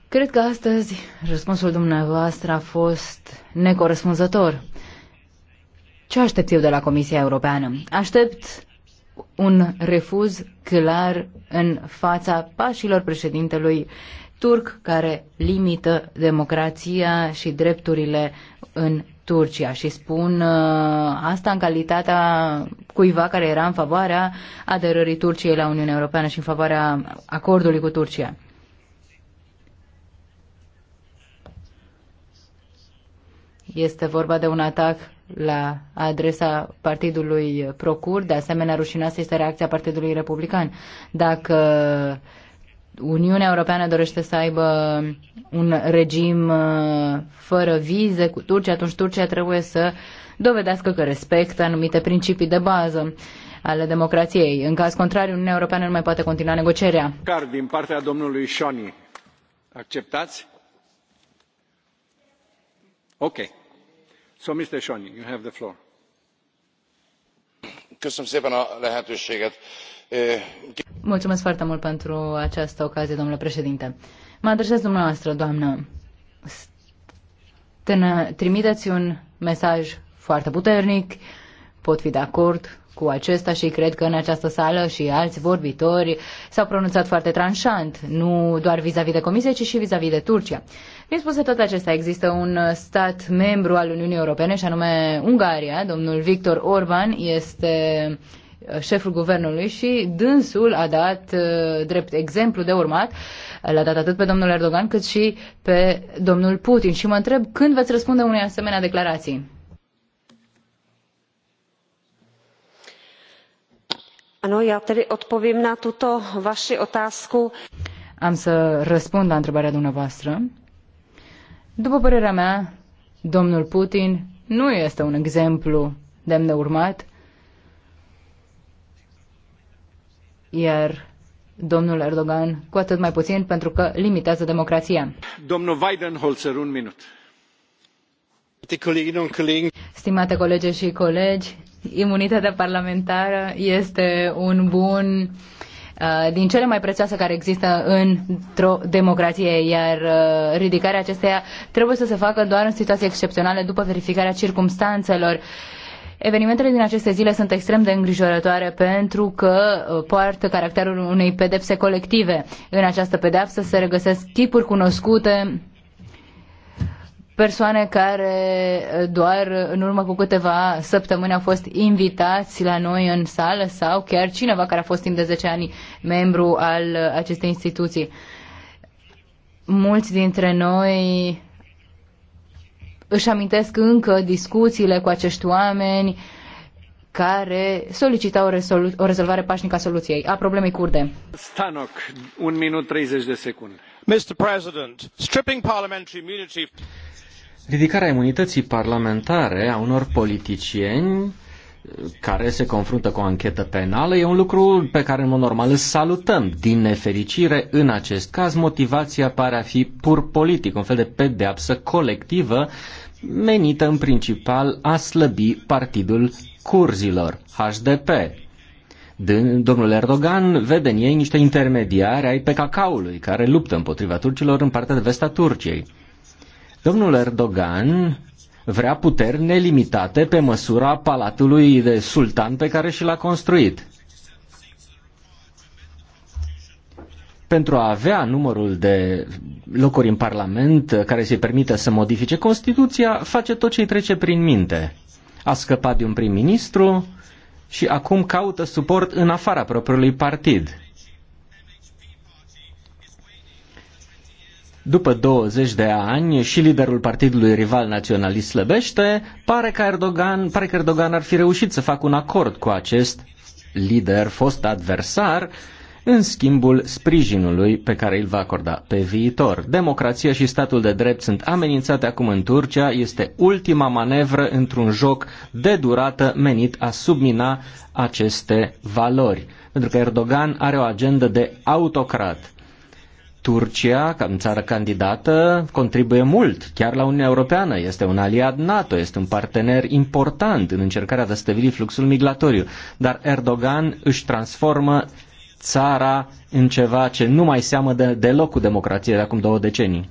Cred că astăzi răspunsul dumneavoastră a fost necorespunzător. Ce aștept eu de la Comisia Europeană? Aștept un refuz clar în fața pașilor președintelui turc care limită democrația și drepturile în Turcia și spun uh, asta în calitatea cuiva care era în favoarea aderării Turciei la Uniunea Europeană și în favoarea acordului cu Turcia. Este vorba de un atac la adresa partidului Procur, de asemenea rușinoasă este reacția Partidului Republican. Dacă Uniunea Europeană dorește să aibă un regim uh, fără vize cu Turcia, atunci Turcia trebuie să dovedească că respectă anumite principii de bază ale democrației. În caz contrar, Uniunea Europeană nu mai poate continua negocierea. Car din partea domnului Șoni. Acceptați? Ok. Mulțumesc foarte mult pentru această ocazie, domnule președinte. Mă adresez dumneavoastră, doamnă. Tână, trimiteți un mesaj foarte puternic, pot fi de acord cu acesta și cred că în această sală și alți vorbitori s-au pronunțat foarte tranșant, nu doar vis-a-vis de Comisie, ci și vis a -vis de Turcia. Fiind spuse tot acestea, există un uh, stat membru al Uniunii Europene, și anume Ungaria. Domnul Victor Orban este uh, șeful guvernului și dânsul a dat uh, drept exemplu de urmat, l-a dat atât pe domnul Erdogan cât și pe domnul Putin. Și mă întreb când veți răspunde unei asemenea declarații. Ano, já tedy odpovím na tuto vaši otázku. Am să răspund la întrebarea dumneavoastră. După părerea mea, domnul Putin nu este un exemplu demn de urmat, iar domnul Erdogan cu atât mai puțin pentru că limitează democrația. Domnul Holzer, un minut. Stimate colege și colegi, imunitatea parlamentară este un bun Uh, din cele mai prețioase care există într-o democrație, iar uh, ridicarea acesteia trebuie să se facă doar în situații excepționale după verificarea circumstanțelor. Evenimentele din aceste zile sunt extrem de îngrijorătoare pentru că uh, poartă caracterul unei pedepse colective. În această pedepsă se regăsesc tipuri cunoscute persoane care eh, doar în urmă cu câteva săptămâni au fost invitați la noi în sală sau chiar cineva care a fost timp de 10 ani membru al acestei instituții. Mulți dintre noi își amintesc încă discuțiile cu acești oameni care solicitau o rezolvare pașnică a soluției, a problemei curde. Stanoc, un minut 30 de secunde. Mr. President, stripping parliamentary immunity ridicarea imunității parlamentare a unor politicieni uh, care se confruntă cu o anchetă penală e un lucru pe care în mod normal îl salutăm. Din nefericire, în acest caz, motivația pare a fi pur politic, un fel de pedeapsă colectivă menită în principal a slăbi partidul curzilor, HDP. Domnul Erdogan vede în ei niște intermediari ai PKK-ului care luptă împotriva turcilor în partea de vest a Turciei. Domnul Erdogan vrea puteri nelimitate pe măsura palatului de sultan pe care și l-a construit. Pentru a avea numărul de locuri în Parlament care să-i permită să modifice Constituția, face tot ce îi trece prin minte. A scăpat de un prim-ministru și acum caută suport în afara propriului partid. după 20 de ani și liderul partidului rival naționalist slăbește, pare că Erdogan, pare că Erdogan ar fi reușit să facă un acord cu acest lider, fost adversar, în schimbul sprijinului pe care îl va acorda pe viitor. Democrația și statul de drept sunt amenințate acum în Turcia, este ultima manevră într-un joc de durată menit a submina aceste valori. Pentru că Erdogan are o agendă de autocrat. Turcia, ca țară candidată, contribuie mult, chiar la Uniunea Europeană. Este un aliat NATO, este un partener important în încercarea de a stabili fluxul migratoriu. Dar Erdogan își transformă țara în ceva ce nu mai seamă de, deloc cu democrație de acum două decenii.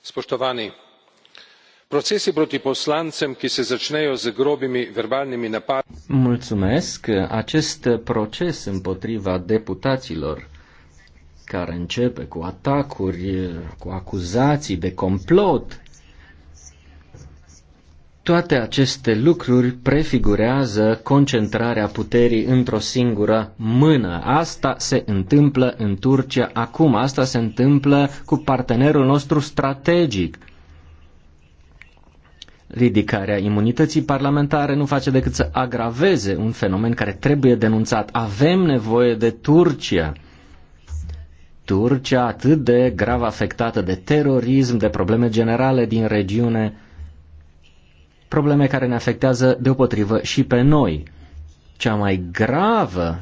Spoštovani, procesi proti poslancem, ki se začnejo z grobimi verbalnimi napadi. Mulțumesc. Acest proces împotriva deputaților care începe cu atacuri, cu acuzații de complot. Toate aceste lucruri prefigurează concentrarea puterii într-o singură mână. Asta se întâmplă în Turcia acum, asta se întâmplă cu partenerul nostru strategic. Ridicarea imunității parlamentare nu face decât să agraveze un fenomen care trebuie denunțat. Avem nevoie de Turcia Turcia atât de grav afectată de terorism, de probleme generale din regiune, probleme care ne afectează deopotrivă și pe noi. Cea mai gravă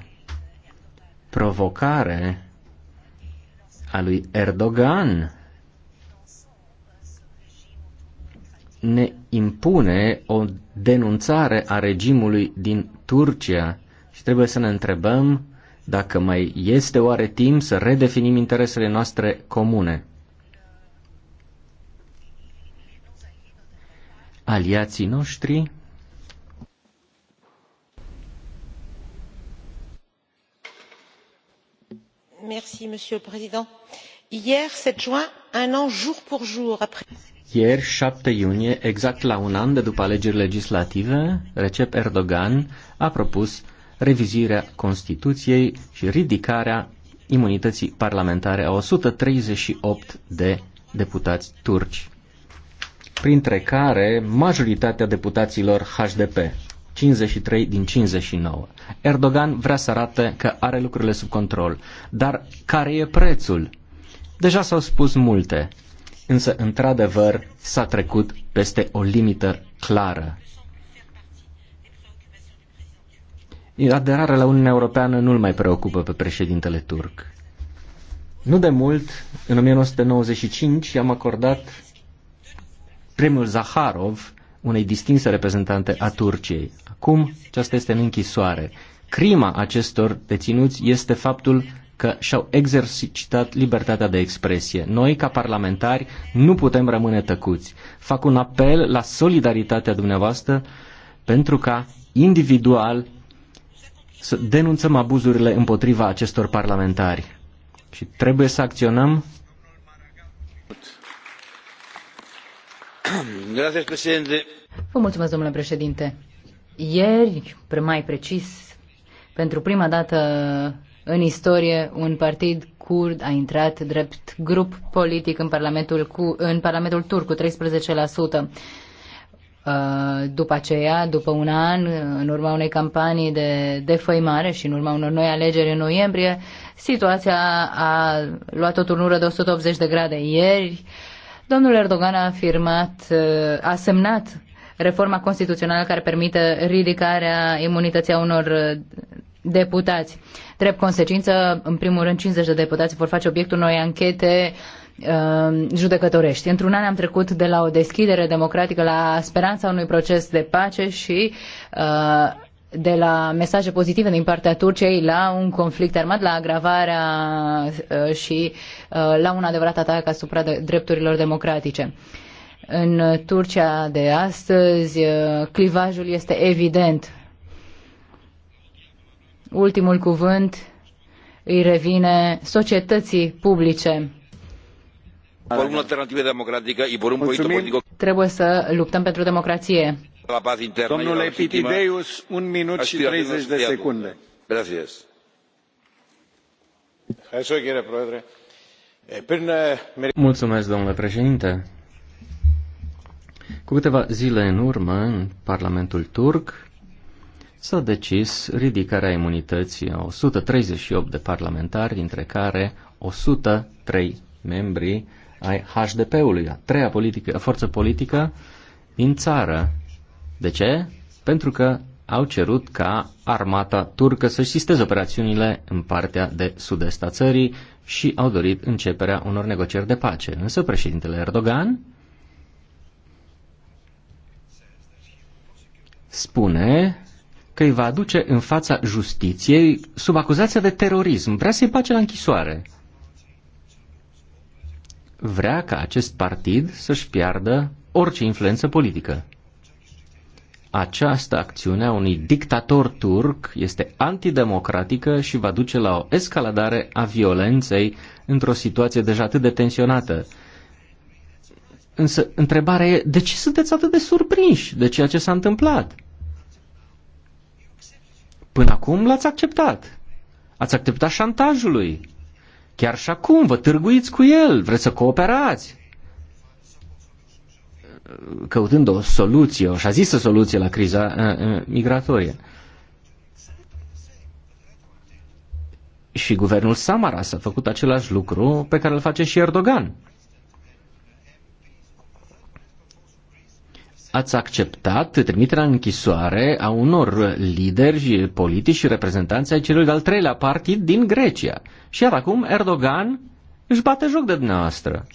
provocare a lui Erdogan ne impune o denunțare a regimului din Turcia și trebuie să ne întrebăm dacă mai este oare timp să redefinim interesele noastre comune. Aliații noștri monsieur le président hier 7 juin un an jour pour jour après. ieri 7 iunie exact la un an de după alegeri legislative recep erdogan a propus revizuirea Constituției și ridicarea imunității parlamentare a 138 de deputați turci, printre care majoritatea deputaților HDP, 53 din 59. Erdogan vrea să arate că are lucrurile sub control, dar care e prețul? Deja s-au spus multe, însă într-adevăr s-a trecut peste o limită clară. aderarea la Uniunea Europeană nu-l mai preocupă pe președintele turc. Nu de mult, în 1995, i-am acordat premiul Zaharov unei distinse reprezentante a Turciei. Acum, aceasta este în închisoare. Crima acestor deținuți este faptul că și-au exercitat libertatea de expresie. Noi, ca parlamentari, nu putem rămâne tăcuți. Fac un apel la solidaritatea dumneavoastră pentru ca individual să denunțăm abuzurile împotriva acestor parlamentari și trebuie să acționăm. Vă mulțumesc, domnule președinte. Ieri, mai precis, pentru prima dată în istorie, un partid kurd a intrat drept grup politic în Parlamentul, cu, în parlamentul turc cu 13%. Uh, după aceea, după un an, în urma unei campanii de defăimare și în urma unor noi alegeri în noiembrie, situația a luat o turnură de 180 de grade. Ieri, domnul Erdogan a afirmat, uh, a semnat reforma constituțională care permite ridicarea imunității a unor uh, deputați. Drept consecință, în primul rând, 50 de deputați vor face obiectul noi anchete uh, Uh, judecătorești. Într-un an am trecut de la o deschidere democratică la speranța unui proces de pace și uh, de la mesaje pozitive din partea Turciei la un conflict armat, la agravarea uh, și la un adevărat atac asupra drepturilor democratice. În Turcia de astăzi, clivajul este evident. Ultimul cuvânt îi revine societății publice alternativă democratică un proiect politic. Trebuie să luptăm pentru democrație. La paz internă. Domnule Pitideus, un minut și 30 de secunde. Gracias. Mulțumesc, domnule președinte. Cu câteva zile în urmă, în Parlamentul turc, s-a decis ridicarea imunității a 138 de parlamentari, dintre care 103 membri ai HDP-ului, a treia politică, a forță politică din țară. De ce? Pentru că au cerut ca armata turcă să-și sisteze operațiunile în partea de sud-est a țării și au dorit începerea unor negocieri de pace. Însă președintele Erdogan spune că îi va aduce în fața justiției sub acuzația de terorism. Vrea să-i pace la închisoare vrea ca acest partid să-și piardă orice influență politică. Această acțiune a unui dictator turc este antidemocratică și va duce la o escaladare a violenței într-o situație deja atât de tensionată. Însă, întrebarea e, de ce sunteți atât de surprinși de ceea ce s-a întâmplat? Până acum l-ați acceptat. Ați acceptat șantajului. Chiar și acum vă târguiți cu el, vreți să cooperați. Căutând o soluție, o șazisă soluție la criza uh, uh, migratorie. Și guvernul Samaras a făcut același lucru pe care îl face și Erdogan. ați acceptat trimiterea în închisoare a unor lideri politici și reprezentanți ai celui de-al treilea partid din Grecia. Și iar acum Erdogan își bate joc de dumneavoastră.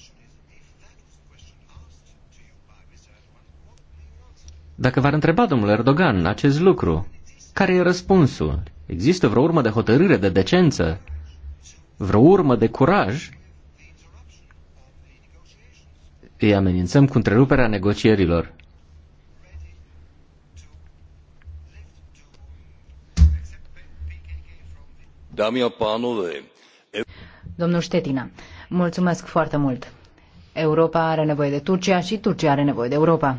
Dacă v-ar întreba domnul Erdogan acest lucru, care e răspunsul? Există vreo urmă de hotărâre, de decență? Vreo urmă de curaj? Îi amenințăm cu întreruperea negocierilor. Domnul Ștetina, mulțumesc foarte mult. Europa are nevoie de Turcia și Turcia are nevoie de Europa.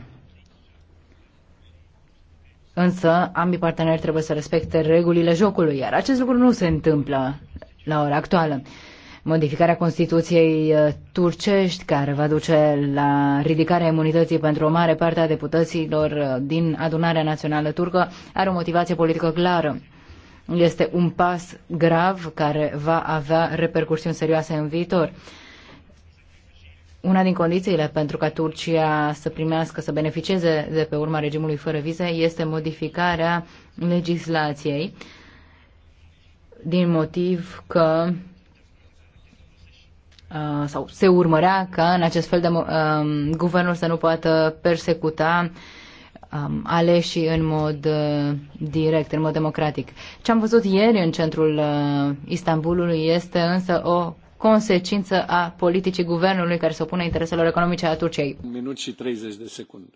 Însă, ambii parteneri trebuie să respecte regulile jocului, iar acest lucru nu se întâmplă la ora actuală. Modificarea Constituției uh, turcești, care va duce la ridicarea imunității pentru o mare parte a deputaților uh, din adunarea națională turcă, are o motivație politică clară. Este un pas grav care va avea repercursiuni serioase în viitor. Una din condițiile pentru ca Turcia să primească, să beneficieze de pe urma regimului fără vize este modificarea legislației din motiv că sau se urmărea ca în acest fel de um, guvernul să nu poată persecuta uh, um, aleși în mod uh, direct, în mod democratic. Ce am văzut ieri în centrul uh, Istanbulului este însă o consecință a politicii guvernului care se opune intereselor economice a Turciei. Un minut și 30 de secunde.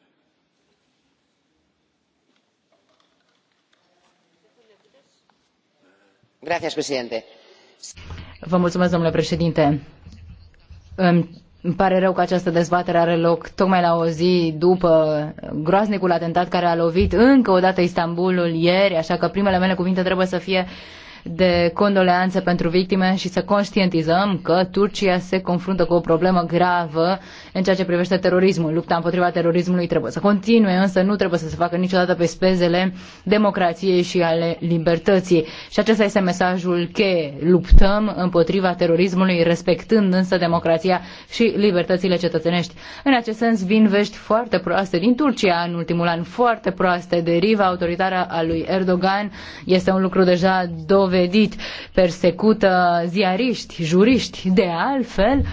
Gracias, presidente. Vă mulțumesc, domnule președinte. Îmi îmi pare rău că această dezbatere are loc tocmai la o zi după groaznicul atentat care a lovit încă o dată Istanbulul ieri, așa că primele mele cuvinte trebuie să fie uh, de condoleanțe pentru victime și să conștientizăm că Turcia se confruntă cu o problemă gravă în ceea ce privește terorismul. Lupta împotriva terorismului trebuie să continue, însă nu trebuie să se facă niciodată pe spezele democrației și ale libertății. Și acesta este mesajul că Luptăm împotriva terorismului, respectând însă democrația și libertățile cetățenești. În acest sens vin vești foarte proaste din Turcia în ultimul an, foarte proaste. Deriva autoritară a lui Erdogan este un lucru deja dovedit dovedit, persecută ziariști, juriști. De altfel,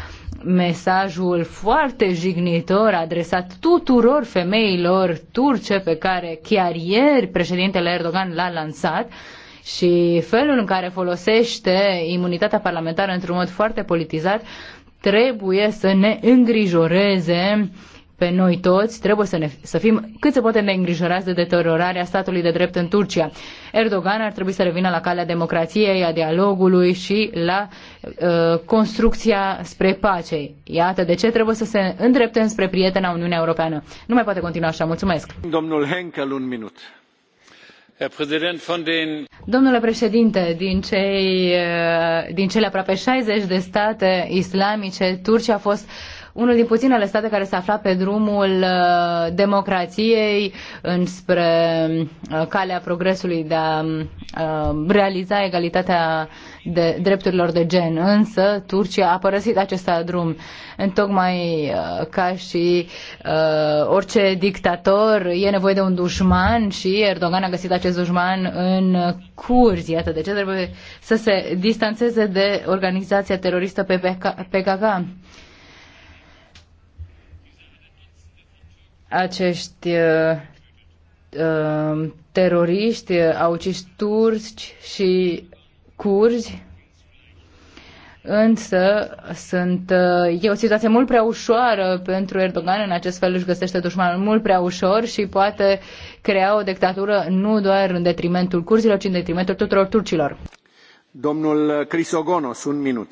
mesajul foarte jignitor adresat tuturor femeilor turce pe care chiar ieri președintele Erdogan l-a lansat și felul în care folosește imunitatea parlamentară într-un mod foarte politizat trebuie să ne îngrijoreze pe noi toți, trebuie să, ne, să fim cât se poate neîngrijorați de deteriorarea statului de drept în Turcia. Erdogan ar trebui să revină la calea democrației, a dialogului și la uh, construcția spre pace. Iată de ce trebuie să se îndrepte spre prietena Uniunea Europeană. Nu mai poate continua așa. Mulțumesc. Domnul Henkel, un minut. Domnule președinte, din, cei, uh, din cele aproape 60 de state islamice, Turcia a fost uh, unul din puținele state care se afla pe drumul uh, democrației înspre uh, calea progresului de a uh, realiza egalitatea de drepturilor de gen. Însă Turcia a părăsit acest drum în tocmai ca și orice dictator e nevoie de un dușman și Erdogan a găsit acest dușman în curzi. Iată de ce trebuie să se distanțeze de organizația teroristă PKK. acești uh, uh teroriști uh, au ucis turci și curzi, însă sunt, uh, e o situație mult prea ușoară pentru Erdogan, în acest fel își găsește dușmanul mult prea ușor și poate crea o dictatură nu doar în detrimentul curzilor, ci în detrimentul tuturor turcilor. Domnul Crisogonos, un minut.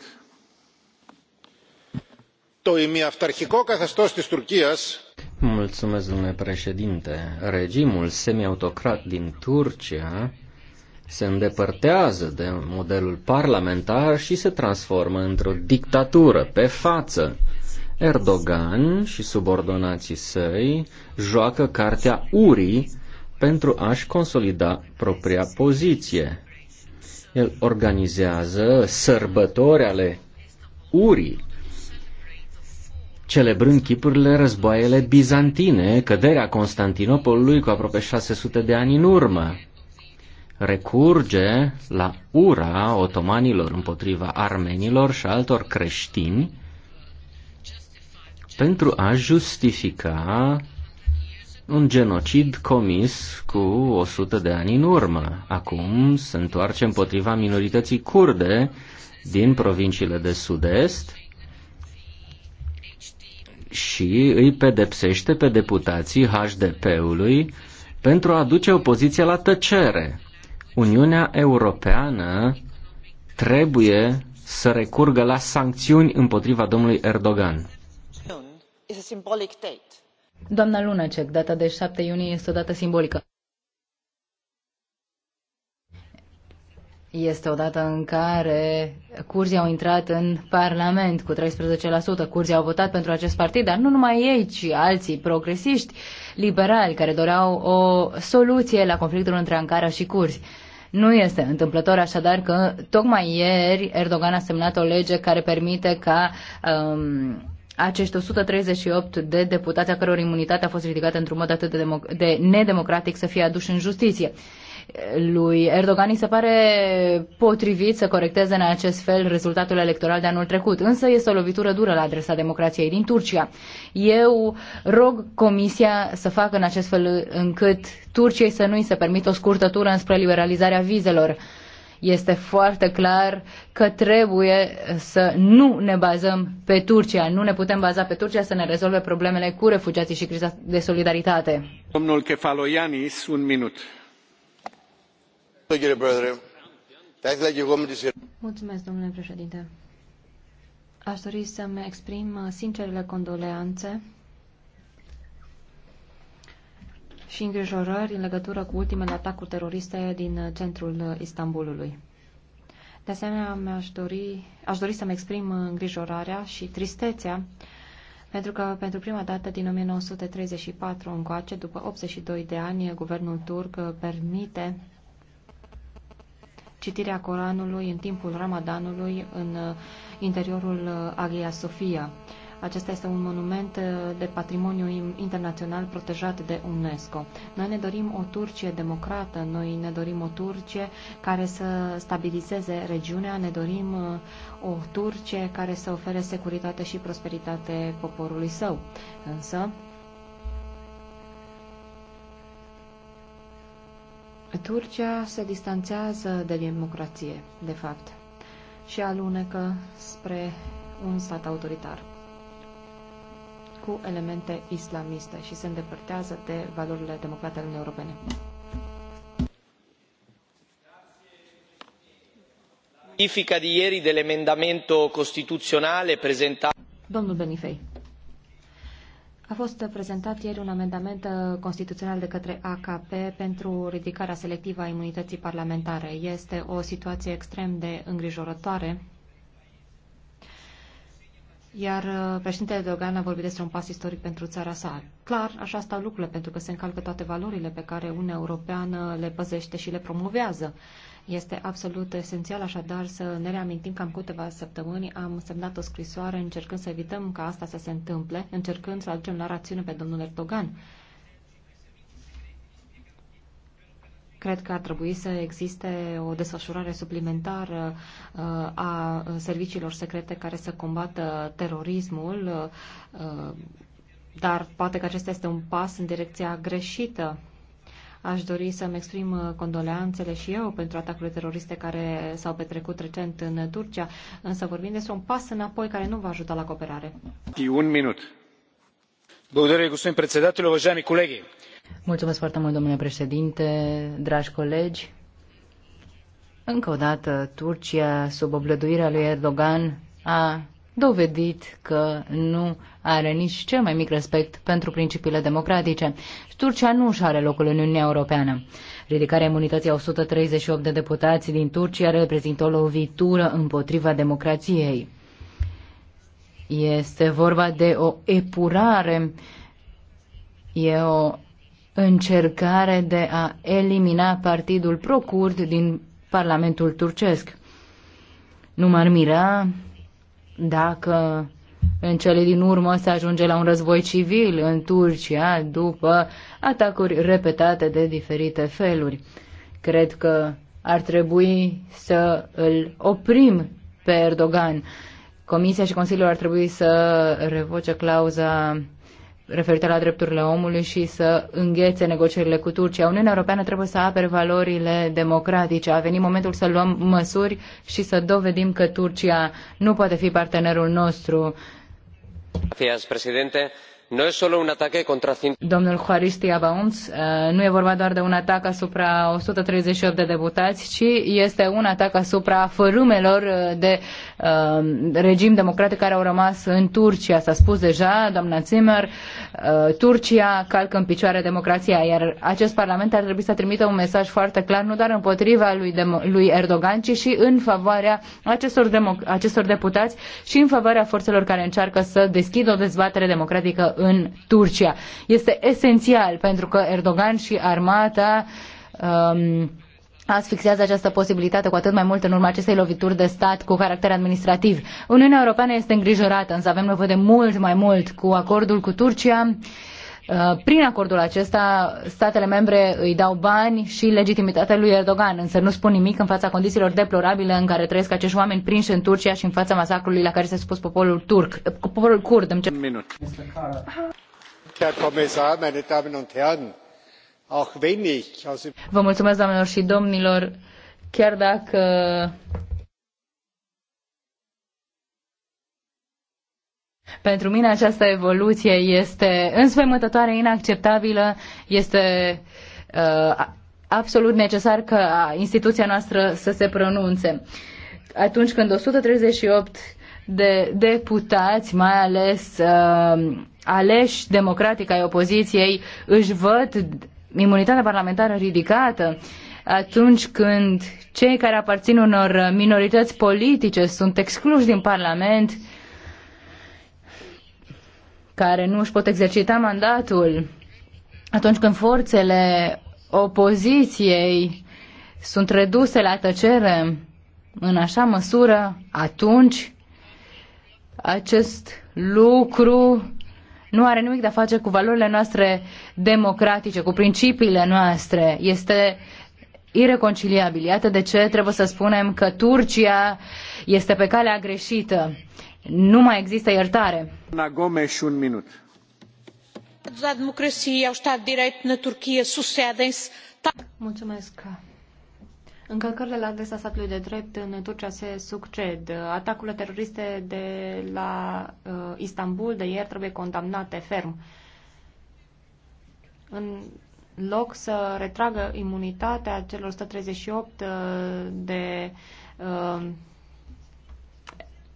Το ημιαυταρχικό καθεστώς της Τουρκίας Mulțumesc, domnule președinte. Regimul semiautocrat din Turcia se îndepărtează de modelul parlamentar și se transformă într-o dictatură pe față. Erdogan și subordonații săi joacă cartea uri pentru a-și consolida propria poziție. El organizează sărbători ale URI celebrând chipurile războaiele bizantine, căderea Constantinopolului cu aproape 600 de ani în urmă. Recurge la ura otomanilor împotriva armenilor și altor creștini pentru a justifica un genocid comis cu 100 de ani în urmă. Acum se întoarce împotriva minorității curde din provinciile de sud-est, și îi pedepsește pe deputații HDP-ului pentru a duce opoziția la tăcere. Uniunea Europeană trebuie să recurgă la sancțiuni împotriva domnului Erdogan. Doamna Lunacek, data de 7 iunie este o dată simbolică. Este o dată în care curzii au intrat în Parlament cu 13%. Curzii au votat pentru acest partid, dar nu numai ei, ci alții progresiști liberali care doreau o soluție la conflictul între Ankara și curzi. Nu este întâmplător așadar că tocmai ieri Erdogan a semnat o lege care permite ca um, acești 138 de deputați a căror imunitate a fost ridicată într-un mod atât de, de nedemocratic să fie aduși în justiție lui Erdogan îi se pare potrivit să corecteze în acest fel rezultatul electoral de anul trecut. Însă este o lovitură dură la adresa democrației din Turcia. Eu rog Comisia să facă în acest fel încât Turciei să nu îi se permită o scurtătură înspre liberalizarea vizelor este foarte clar că trebuie să nu ne bazăm pe Turcia. Nu ne putem baza pe Turcia să ne rezolve problemele cu refugiații și criza de solidaritate. Domnul Kefaloianis, un minut. Mulțumesc, domnule președinte. Aș dori să-mi exprim uh, sincerele condoleanțe și îngrijorări în legătură cu ultimele atacuri teroriste din uh, centrul uh, Istanbulului. De asemenea, aș dori, aș dori să-mi exprim îngrijorarea și tristețea pentru că pentru prima dată din 1934 încoace, după 82 de ani, guvernul turc permite citirea Coranului în timpul Ramadanului în uh, interiorul uh, Agia Sofia. Acesta este un monument uh, de patrimoniu internațional protejat de UNESCO. Noi ne dorim o Turcie democrată, noi ne dorim o Turcie care să stabilizeze regiunea, ne dorim o Turcie care să ofere securitate și prosperitate poporului său. Însă, Turcia se distanțează de democrație, de fapt, și alunecă spre un stat autoritar cu elemente islamiste și se îndepărtează de valorile democrate ale Europene. Ifica di ieri dell'emendamento costituzionale presentato. Domnul Benifei. A fost prezentat ieri un amendament uh, constituțional de către AKP pentru ridicarea selectivă a imunității parlamentare. Este o situație extrem de îngrijorătoare iar uh, președintele Dogan a vorbit despre un pas istoric pentru țara sa. Clar, așa stau lucrurile, pentru că se încalcă toate valorile pe care Uniunea Europeană le păzește și le promovează. Este absolut esențial așadar să ne reamintim că am câteva săptămâni am semnat o scrisoare încercând să evităm ca asta să se întâmple, încercând să aducem la rațiune pe domnul Erdogan. Cred că ar trebui să existe o desfășurare suplimentară uh, a serviciilor secrete care să combată terorismul, uh, uh, dar poate că acesta este un pas în direcția greșită Aș dori să-mi exprim uh, condoleanțele și eu pentru atacurile teroriste care s-au petrecut recent în Turcia, însă vorbim despre un pas înapoi care nu va ajuta la cooperare. Un minut. Mulțumesc foarte mult, domnule președinte, dragi colegi. Încă o dată, Turcia, sub oblăduirea lui Erdogan, a dovedit că nu are nici cel mai mic respect pentru principiile democratice. Turcia nu își are locul în Uniunea Europeană. Ridicarea imunității a 138 de deputați din Turcia reprezintă o lovitură împotriva democrației. Este vorba de o epurare, e o încercare de a elimina partidul pro-curd din Parlamentul turcesc. Nu m-ar mira dacă în cele din urmă se ajunge la un război civil în Turcia după atacuri repetate de diferite feluri. Cred că ar trebui să îl oprim pe Erdogan. Comisia și Consiliul ar trebui să revoce clauza referitoare la drepturile omului și să înghețe negocierile cu Turcia. Uniunea Europeană trebuie să apere valorile democratice. A venit momentul să luăm măsuri și să dovedim că Turcia nu poate fi partenerul nostru. Gracias, presidente no es solo un ataque contra... Domnul Juaristi Abaunț, uh, nu e vorba doar de un atac asupra 138 de deputați, ci este un atac asupra fărâmelor uh, de uh, regim democratic care au rămas în Turcia. S-a spus deja, doamna Zimmer, Turcia calcă în picioare democrația, iar acest parlament ar trebui să trimită un mesaj foarte clar, nu doar împotriva lui, lui Erdogan, ci și în favoarea acestor, acestor deputați și în favoarea forțelor care încearcă să deschidă o dezbatere democratică în Turcia. Este esențial pentru că Erdogan și armata um, asfixiază această posibilitate cu atât mai mult în urma acestei lovituri de stat cu caracter administrativ. Uniunea Europeană este îngrijorată, însă avem nevoie de mult mai mult cu acordul cu Turcia. Uh, Uh, prin acordul acesta, statele membre îi dau bani și legitimitatea lui Erdogan, însă nu spun nimic în fața condițiilor deplorabile în care trăiesc acești oameni prinși în Turcia și în fața masacrului la care s-a spus poporul turc, uh, poporul curd. Îmi Minut. Vă mulțumesc, doamnelor și domnilor, chiar dacă Pentru mine această evoluție este înspăimântătoare, inacceptabilă, este uh, absolut necesar ca instituția noastră să se pronunțe. Atunci când 138 de deputați, mai ales uh, aleși democratic ai opoziției, își văd imunitatea parlamentară ridicată, atunci când cei care aparțin unor minorități politice sunt excluși din Parlament, care nu își pot exercita mandatul atunci când forțele opoziției sunt reduse la tăcere în așa măsură, atunci acest lucru nu are nimic de a face cu valorile noastre democratice, cu principiile noastre. Este ireconciliabil. Iată de ce trebuie să spunem că Turcia este pe calea greșită nu mai există iertare. Na Gomes, un minut. La da democrație, au stat direct în Turcia, sucedem-se. Mulțumesc. Încălcările la adresa statului de drept în Turcia se succed. Atacurile teroriste de la uh, Istanbul de ieri trebuie condamnate ferm. În loc să retragă imunitatea celor 138 uh, de uh,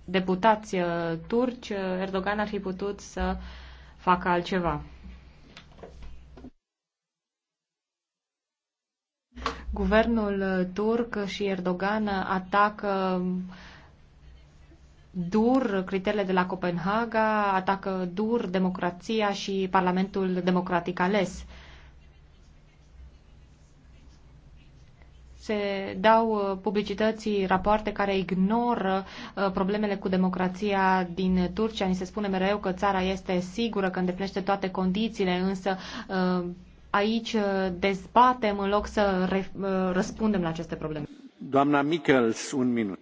deputați uh, turci, uh, Erdogan ar fi putut să facă altceva. Guvernul uh, turc și Erdogan atacă dur criteriile de la Copenhaga, atacă dur democrația și Parlamentul democratic ales. se dau uh, publicității rapoarte care ignoră uh, problemele cu democrația din Turcia. Ni se spune mereu că țara este sigură, că îndeplinește toate condițiile, însă uh, aici dezbatem în loc să răspundem la aceste probleme. Doamna Michels, un minut.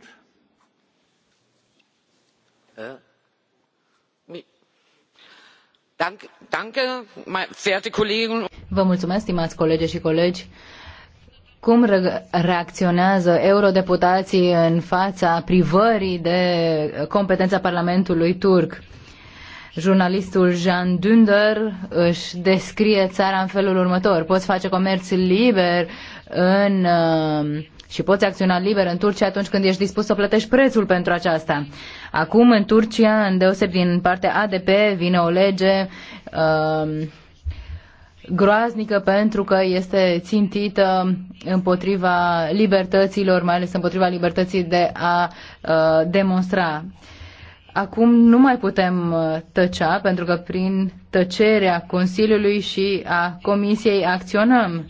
Ă? Vă mulțumesc, stimați colegi și colegi cum re- reacționează eurodeputații în fața privării de competența Parlamentului turc. Jurnalistul Jean Dündar își descrie țara în felul următor. Poți face comerț liber în, uh, și poți acționa liber în Turcia atunci când ești dispus să plătești prețul pentru aceasta. Acum în Turcia, îndeoseb din partea ADP, vine o lege uh, groaznică pentru că este țintită împotriva libertăților, mai ales împotriva libertății de a uh, demonstra. Acum nu mai putem uh, tăcea pentru că prin tăcerea Consiliului și a Comisiei acționăm.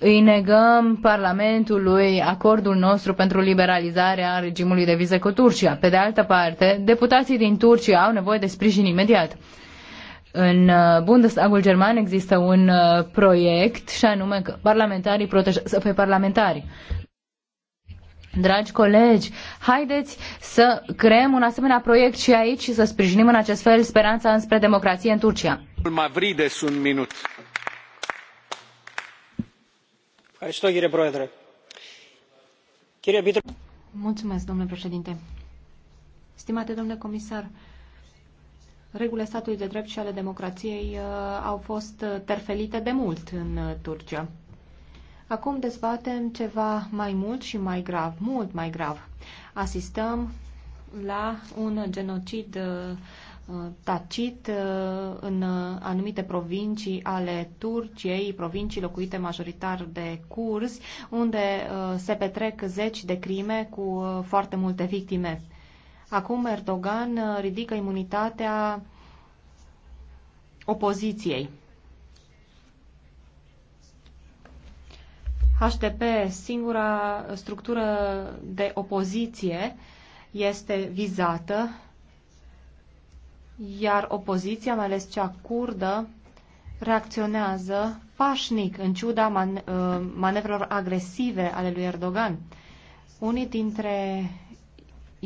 Îi negăm Parlamentului acordul nostru pentru liberalizarea regimului de vize cu Turcia. Pe de altă parte, deputații din Turcia au nevoie de sprijin imediat. În uh, Bundestagul german există un uh, proiect și anume că parlamentarii protejează pe parlamentari. Dragi colegi, haideți să creăm un asemenea proiect și aici și să sprijinim în acest fel speranța înspre democrație în Turcia. Mavrides, un minut. Mulțumesc, domnule președinte. Stimate domnule comisar, regulile statului de drept și ale democrației uh, au fost uh, terfelite de mult în uh, Turcia. Acum dezbatem ceva mai mult și mai grav, mult mai grav. Asistăm la un genocid tacit în anumite provincii ale Turciei, provincii locuite majoritar de curzi, unde se petrec zeci de crime cu foarte multe victime. Acum Erdogan uh, ridică imunitatea opoziției. HDP, singura structură de opoziție, este vizată, iar opoziția, mai ales cea curdă, reacționează pașnic, în ciuda man uh, manevrelor agresive ale lui Erdogan. Unii dintre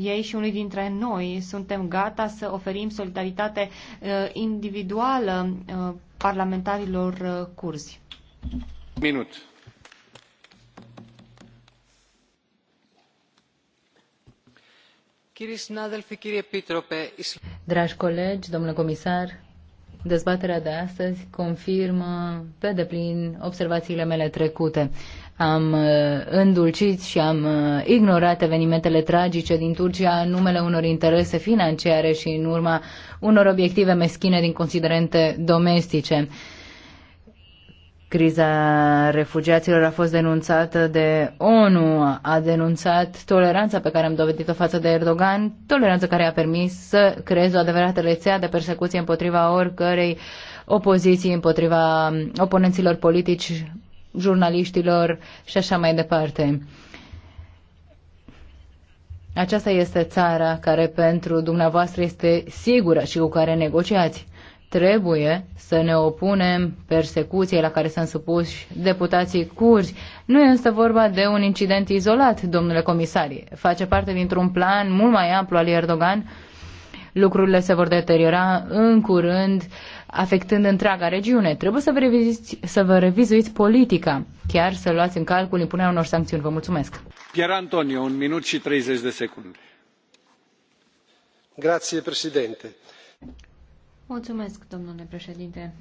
ei și unii dintre noi suntem gata să oferim solidaritate uh, individuală uh, parlamentarilor uh, curzi. Minut. Dragi colegi, domnule comisar, dezbaterea de astăzi confirmă pe deplin observațiile mele trecute am uh, îndulcit și am uh, ignorat evenimentele tragice din Turcia în numele unor interese financiare și în urma unor obiective meschine din considerente domestice. Criza refugiaților a fost denunțată de ONU, a denunțat toleranța pe care am dovedit-o față de Erdogan, toleranța care a permis să creeze o adevărată rețea de persecuție împotriva oricărei opoziții, împotriva um, oponenților politici, jurnaliștilor și așa mai departe. Aceasta este țara care pentru dumneavoastră este sigură și cu care negociați. Trebuie să ne opunem persecuției la care sunt supuși deputații curzi. Nu e însă vorba de un incident izolat, domnule comisarie. Face parte dintr-un plan mult mai amplu al Erdogan. Lucrurile se vor deteriora în curând afectând întreaga regiune. Trebuie să vă, reviziți, să vă revizuiți politica, chiar să luați în calcul impunerea unor sancțiuni. Vă mulțumesc. Pier Antonio, un minut și 30 de secunde. Grazie, președinte. Mulțumesc, domnule președinte.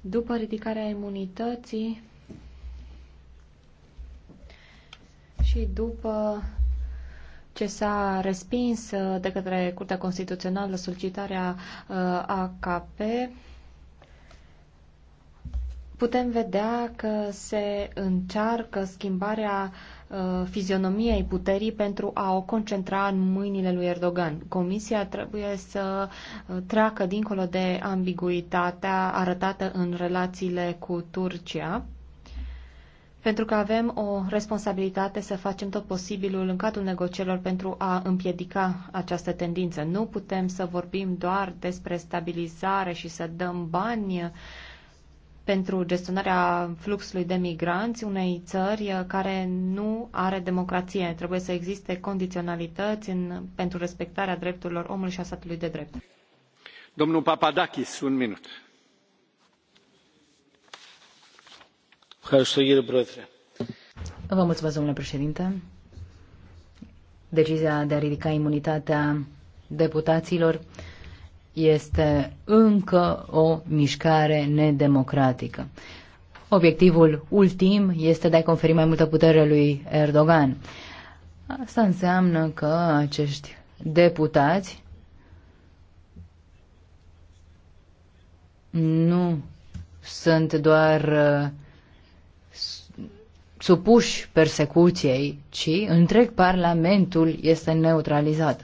După ridicarea imunității și după ce s-a respins uh, de către Curtea Constituțională solicitarea uh, AKP, putem vedea că se încearcă schimbarea uh, fizionomiei puterii pentru a o concentra în mâinile lui Erdogan. Comisia trebuie să treacă dincolo de ambiguitatea arătată în relațiile cu Turcia pentru că avem o responsabilitate să facem tot posibilul în cadrul negocierilor pentru a împiedica această tendință. Nu putem să vorbim doar despre stabilizare și să dăm bani pentru gestionarea fluxului de migranți unei țări care nu are democrație. Trebuie să existe condiționalități în, pentru respectarea drepturilor omului și a statului de drept. Domnul Papadakis, un minut domnule președinte. Decizia de a ridica imunitatea deputaților este încă o mișcare nedemocratică. Obiectivul ultim este de a conferi mai multă putere lui Erdogan. Asta înseamnă că acești deputați nu sunt doar uh, supuși persecuției, ci întreg Parlamentul este neutralizat.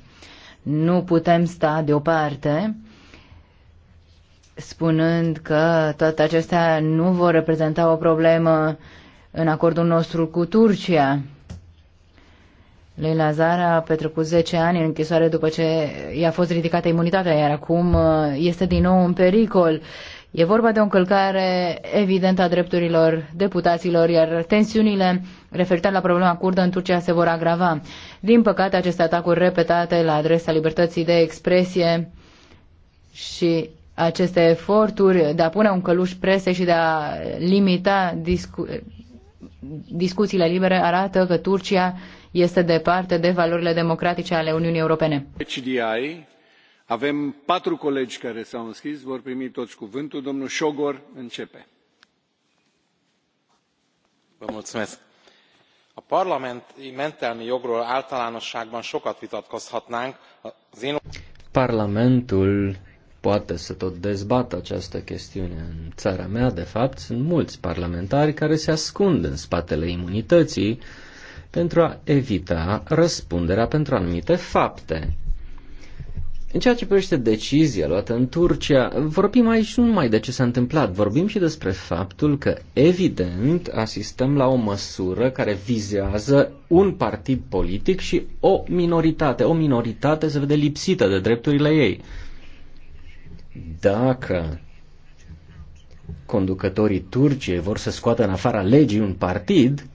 Nu putem sta deoparte spunând că toate acestea nu vor reprezenta o problemă în acordul nostru cu Turcia. Leila Zara a petrecut 10 ani în închisoare după ce i-a fost ridicată imunitatea, iar acum uh, este din nou în pericol. E vorba de o încălcare evidentă a drepturilor deputaților, iar tensiunile referitoare la problema curdă în Turcia se vor agrava. Din păcate, aceste atacuri repetate la adresa libertății de expresie și aceste eforturi de a pune un căluș prese și de a limita discu- discuțiile libere arată că Turcia este departe de valorile democratice ale Uniunii Europene avem patru colegi care s au înscris vor primi toți cuvântul. domnul sógor începe. a parlamenti mentelmi jogról általánosságban sokat vitatkozhatnánk az én. parlamentul poate să tot dezbată această chestiune. În țara mea, de fapt, sunt mulți parlamentari care se ascund în spatele imunității pentru a evita răspunderea pentru anumite fapte în ceea ce privește decizia luată în Turcia, vorbim aici nu numai de ce s-a întâmplat, vorbim și despre faptul că, evident, asistăm la o măsură care vizează un partid politic și o minoritate. O minoritate se vede lipsită de drepturile ei. Dacă conducătorii Turciei vor să scoată în afara legii un partid,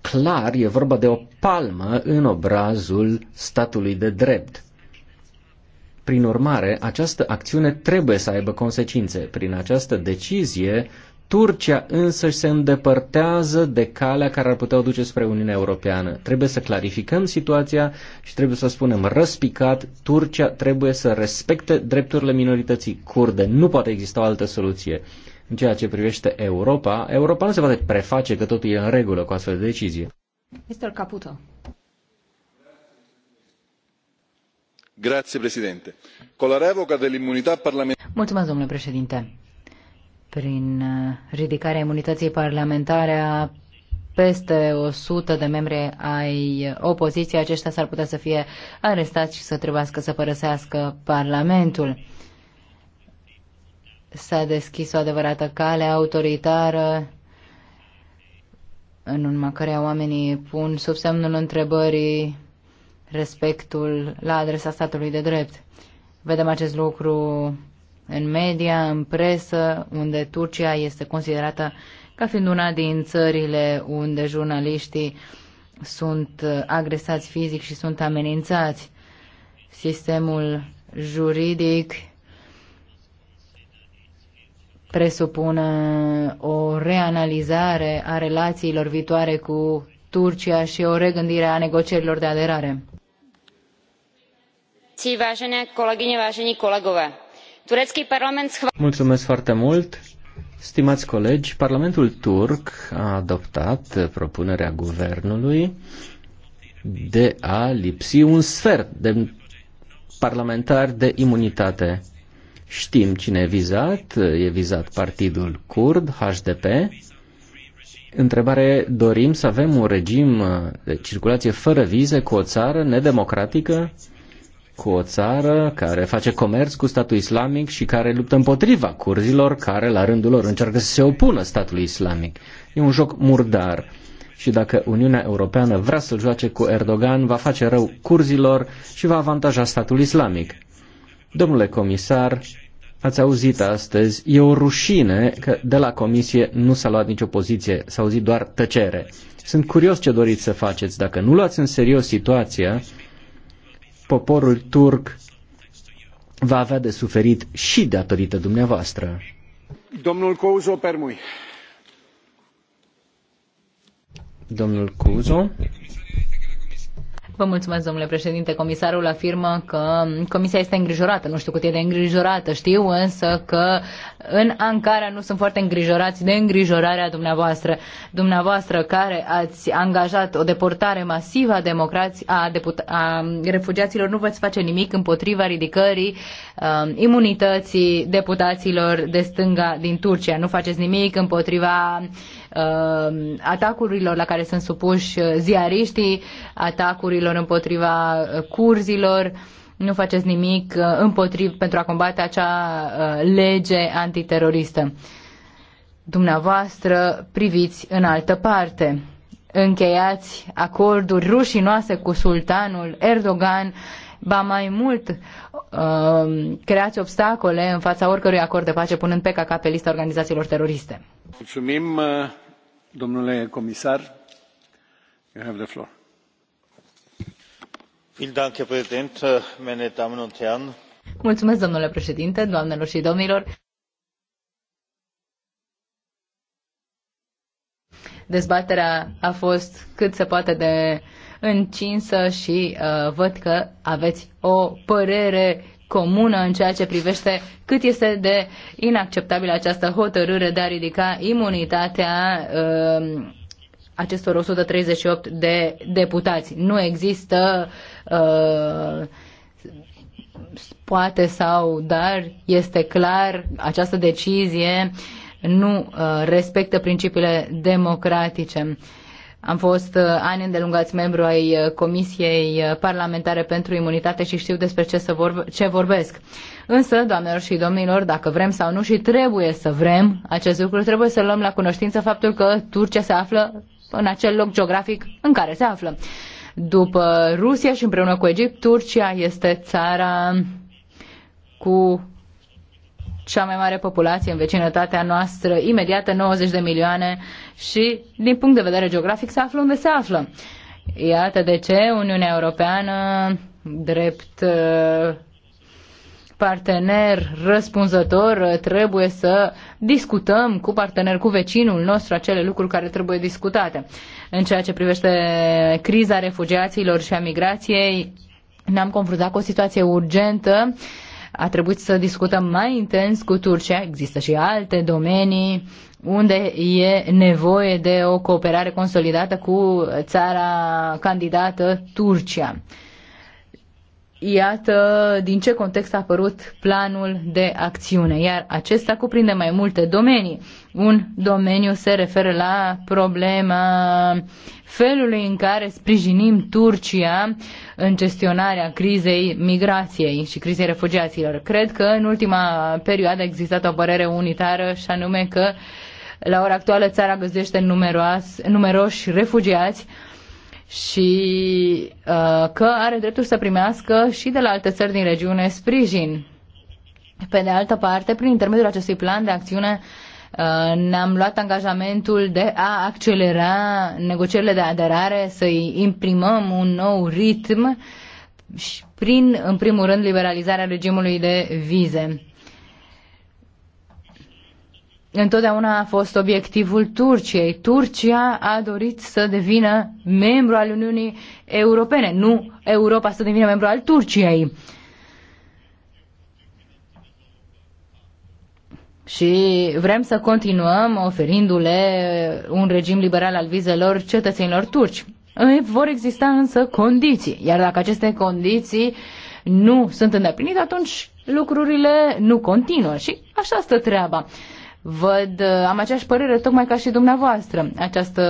clar e vorba de o palmă în obrazul statului de drept prin urmare, această acțiune trebuie să aibă consecințe. Prin această decizie, Turcia însăși se îndepărtează de calea care ar putea o duce spre Uniunea Europeană. Trebuie să clarificăm situația și trebuie să spunem răspicat, Turcia trebuie să respecte drepturile minorității curde. Nu poate exista o altă soluție. În ceea ce privește Europa, Europa nu se poate preface că totul e în regulă cu astfel de decizie. Mr. Caputo. Mulțumesc, domnule președinte. Prin uh, ridicarea imunității parlamentare a peste sută de membri ai opoziției, aceștia s-ar putea să fie arestați și să trebuiască să părăsească Parlamentul. S-a deschis o adevărată cale autoritară în urma căreia oamenii pun sub semnul întrebării respectul la adresa statului de drept. Vedem acest lucru în media, în presă, unde Turcia este considerată ca fiind una din țările unde jurnaliștii sunt agresați fizic și sunt amenințați. Sistemul juridic presupune o reanalizare a relațiilor viitoare cu Turcia și o regândire a negocierilor de aderare předsedající vážené kolegyně vážení kolegové turecký parlament Mulțumesc foarte mult. Stimați colegi, Parlamentul turc a adoptat propunerea guvernului de a lipsi un sfert de parlamentari de imunitate. Știm cine e vizat, e vizat partidul kurd, HDP. Întrebare, dorim să avem un regim de circulație fără vize cu o țară nedemocratică? cu o țară care face comerț cu statul islamic și care luptă împotriva curzilor care la rândul lor încearcă să se opună statului islamic. E un joc murdar. Și dacă Uniunea Europeană vrea să joace cu Erdogan, va face rău curzilor și va avantaja statul islamic. Domnule comisar, ați auzit astăzi, e o rușine că de la comisie nu s-a luat nicio poziție, s-a auzit doar tăcere. Sunt curios ce doriți să faceți. Dacă nu luați în serios situația, poporul turc va avea de suferit și datorită dumneavoastră. Domnul Couzo Permui. Domnul Couzo. Vă mulțumesc, domnule președinte. Comisarul afirmă că comisia este îngrijorată. Nu știu cât e de îngrijorată. Știu însă că în Ankara nu sunt foarte îngrijorați de îngrijorarea dumneavoastră. Dumneavoastră care ați angajat o deportare masivă a, democrați, a, deputa, a refugiaților, nu veți face nimic împotriva ridicării um, imunității deputaților de stânga din Turcia. Nu faceți nimic împotriva Um, atacurilor la care sunt supuși uh, ziariștii, atacurilor împotriva uh, curzilor. Nu faceți nimic uh, împotriv pentru a combate acea lege antiteroristă. Dumneavoastră priviți în altă parte încheiați acorduri rușinoase cu sultanul Erdogan ba mai mult um, creați obstacole în fața oricărui acord de pace, punând caca pe lista organizațiilor teroriste. Mulțumim, uh, domnule comisar. You have the floor. Mulțumesc, domnule președinte, doamnelor și domnilor. Dezbaterea a fost cât se poate de încinsă și uh, văd că aveți o părere comună în ceea ce privește cât este de inacceptabilă această hotărâre de a ridica imunitatea uh, acestor 138 de deputați. Nu există uh, poate sau dar este clar această decizie nu uh, respectă principiile democratice. Uh, am fost uh, ani îndelungați membru ai uh, Comisiei uh, Parlamentare pentru Imunitate și știu despre ce, să vorb- ce vorbesc. Însă, doamnelor și domnilor, dacă vrem sau nu și trebuie să vrem acest lucru, trebuie să luăm la cunoștință faptul că Turcia se află în acel loc geografic în care se află. După Rusia și împreună cu Egipt, Turcia este țara cu cea mai mare populație în vecinătatea noastră, imediată 90 de milioane și, din punct de vedere geografic, se află unde se află. Iată de ce Uniunea Europeană, drept uh, partener răspunzător, uh, trebuie să discutăm cu partener, cu vecinul nostru, acele lucruri care trebuie discutate. În ceea ce privește criza refugiaților și a migrației, ne-am confruntat cu o situație urgentă uh, a trebuit să discutăm mai intens cu Turcia. Există și alte domenii unde e nevoie de o cooperare consolidată cu țara candidată Turcia iată din ce context a apărut planul de acțiune, iar acesta cuprinde mai multe domenii. Un domeniu se referă la problema felului în care sprijinim Turcia în gestionarea crizei migrației și crizei refugiaților. Cred că în ultima perioadă a existat o părere unitară și anume că la ora actuală țara găzdește numeroși refugiați și uh, că are dreptul să primească și de la alte țări din regiune sprijin. Pe de altă parte, prin intermediul acestui plan de acțiune, uh, ne-am luat angajamentul de a accelera negocierile de aderare, să-i imprimăm un nou ritm și prin, în primul rând, liberalizarea regimului de vize întotdeauna a fost obiectivul Turciei. Turcia a dorit să devină membru al Uniunii Europene, nu Europa să devină membru al Turciei. Și vrem să continuăm oferindu-le un regim liberal al vizelor cetățenilor turci. Vor exista însă condiții, iar dacă aceste condiții nu sunt îndeplinite, atunci lucrurile nu continuă și așa stă treaba văd, am aceeași părere tocmai ca și dumneavoastră. Această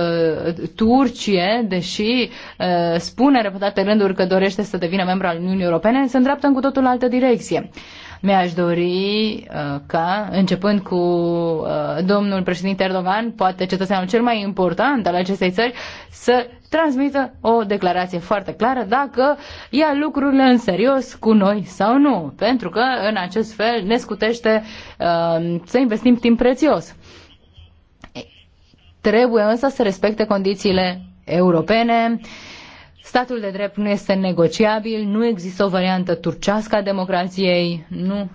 uh, Turcie, deși uh, spune repetate rânduri că dorește să devină membru al Uniunii Europene, se îndreaptă în cu totul altă direcție. Mi-aș dori uh, ca, începând cu uh, domnul președinte Erdogan, poate cetățeanul cel mai important al acestei țări, să transmită o declarație foarte clară dacă ia lucrurile în serios cu noi sau nu, pentru că în acest fel ne scutește uh, să investim timp prețios. Trebuie însă să respecte condițiile europene, uh, Statul de drept nu este negociabil, nu există o variantă turcească a democrației, nu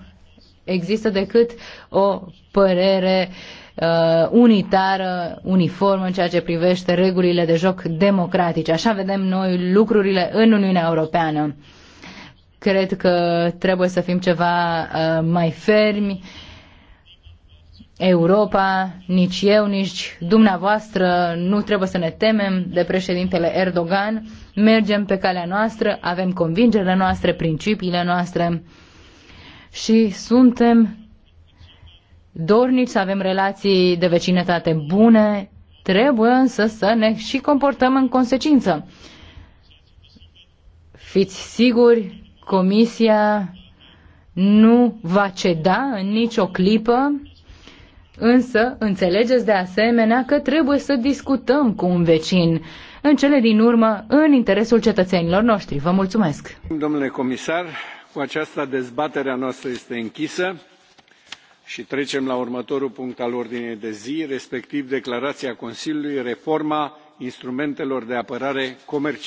există decât o părere uh, unitară, uniformă în ceea ce privește regulile de joc democratice. Așa vedem noi lucrurile în Uniunea Europeană. Cred că trebuie să fim ceva uh, mai fermi, Europa, nici eu, nici dumneavoastră nu trebuie să ne temem de președintele Erdogan. Mergem pe calea noastră, avem convingerile noastre, principiile noastre și suntem dornici să avem relații de vecinătate bune, trebuie însă să ne și comportăm în consecință. Fiți siguri, Comisia nu va ceda în nicio clipă Însă, înțelegeți de asemenea că trebuie să discutăm cu un vecin, în cele din urmă, în interesul cetățenilor noștri. Vă mulțumesc! Domnule comisar, cu aceasta dezbaterea noastră este închisă și trecem la următorul punct al ordinei de zi, respectiv declarația Consiliului reforma instrumentelor de apărare comercială.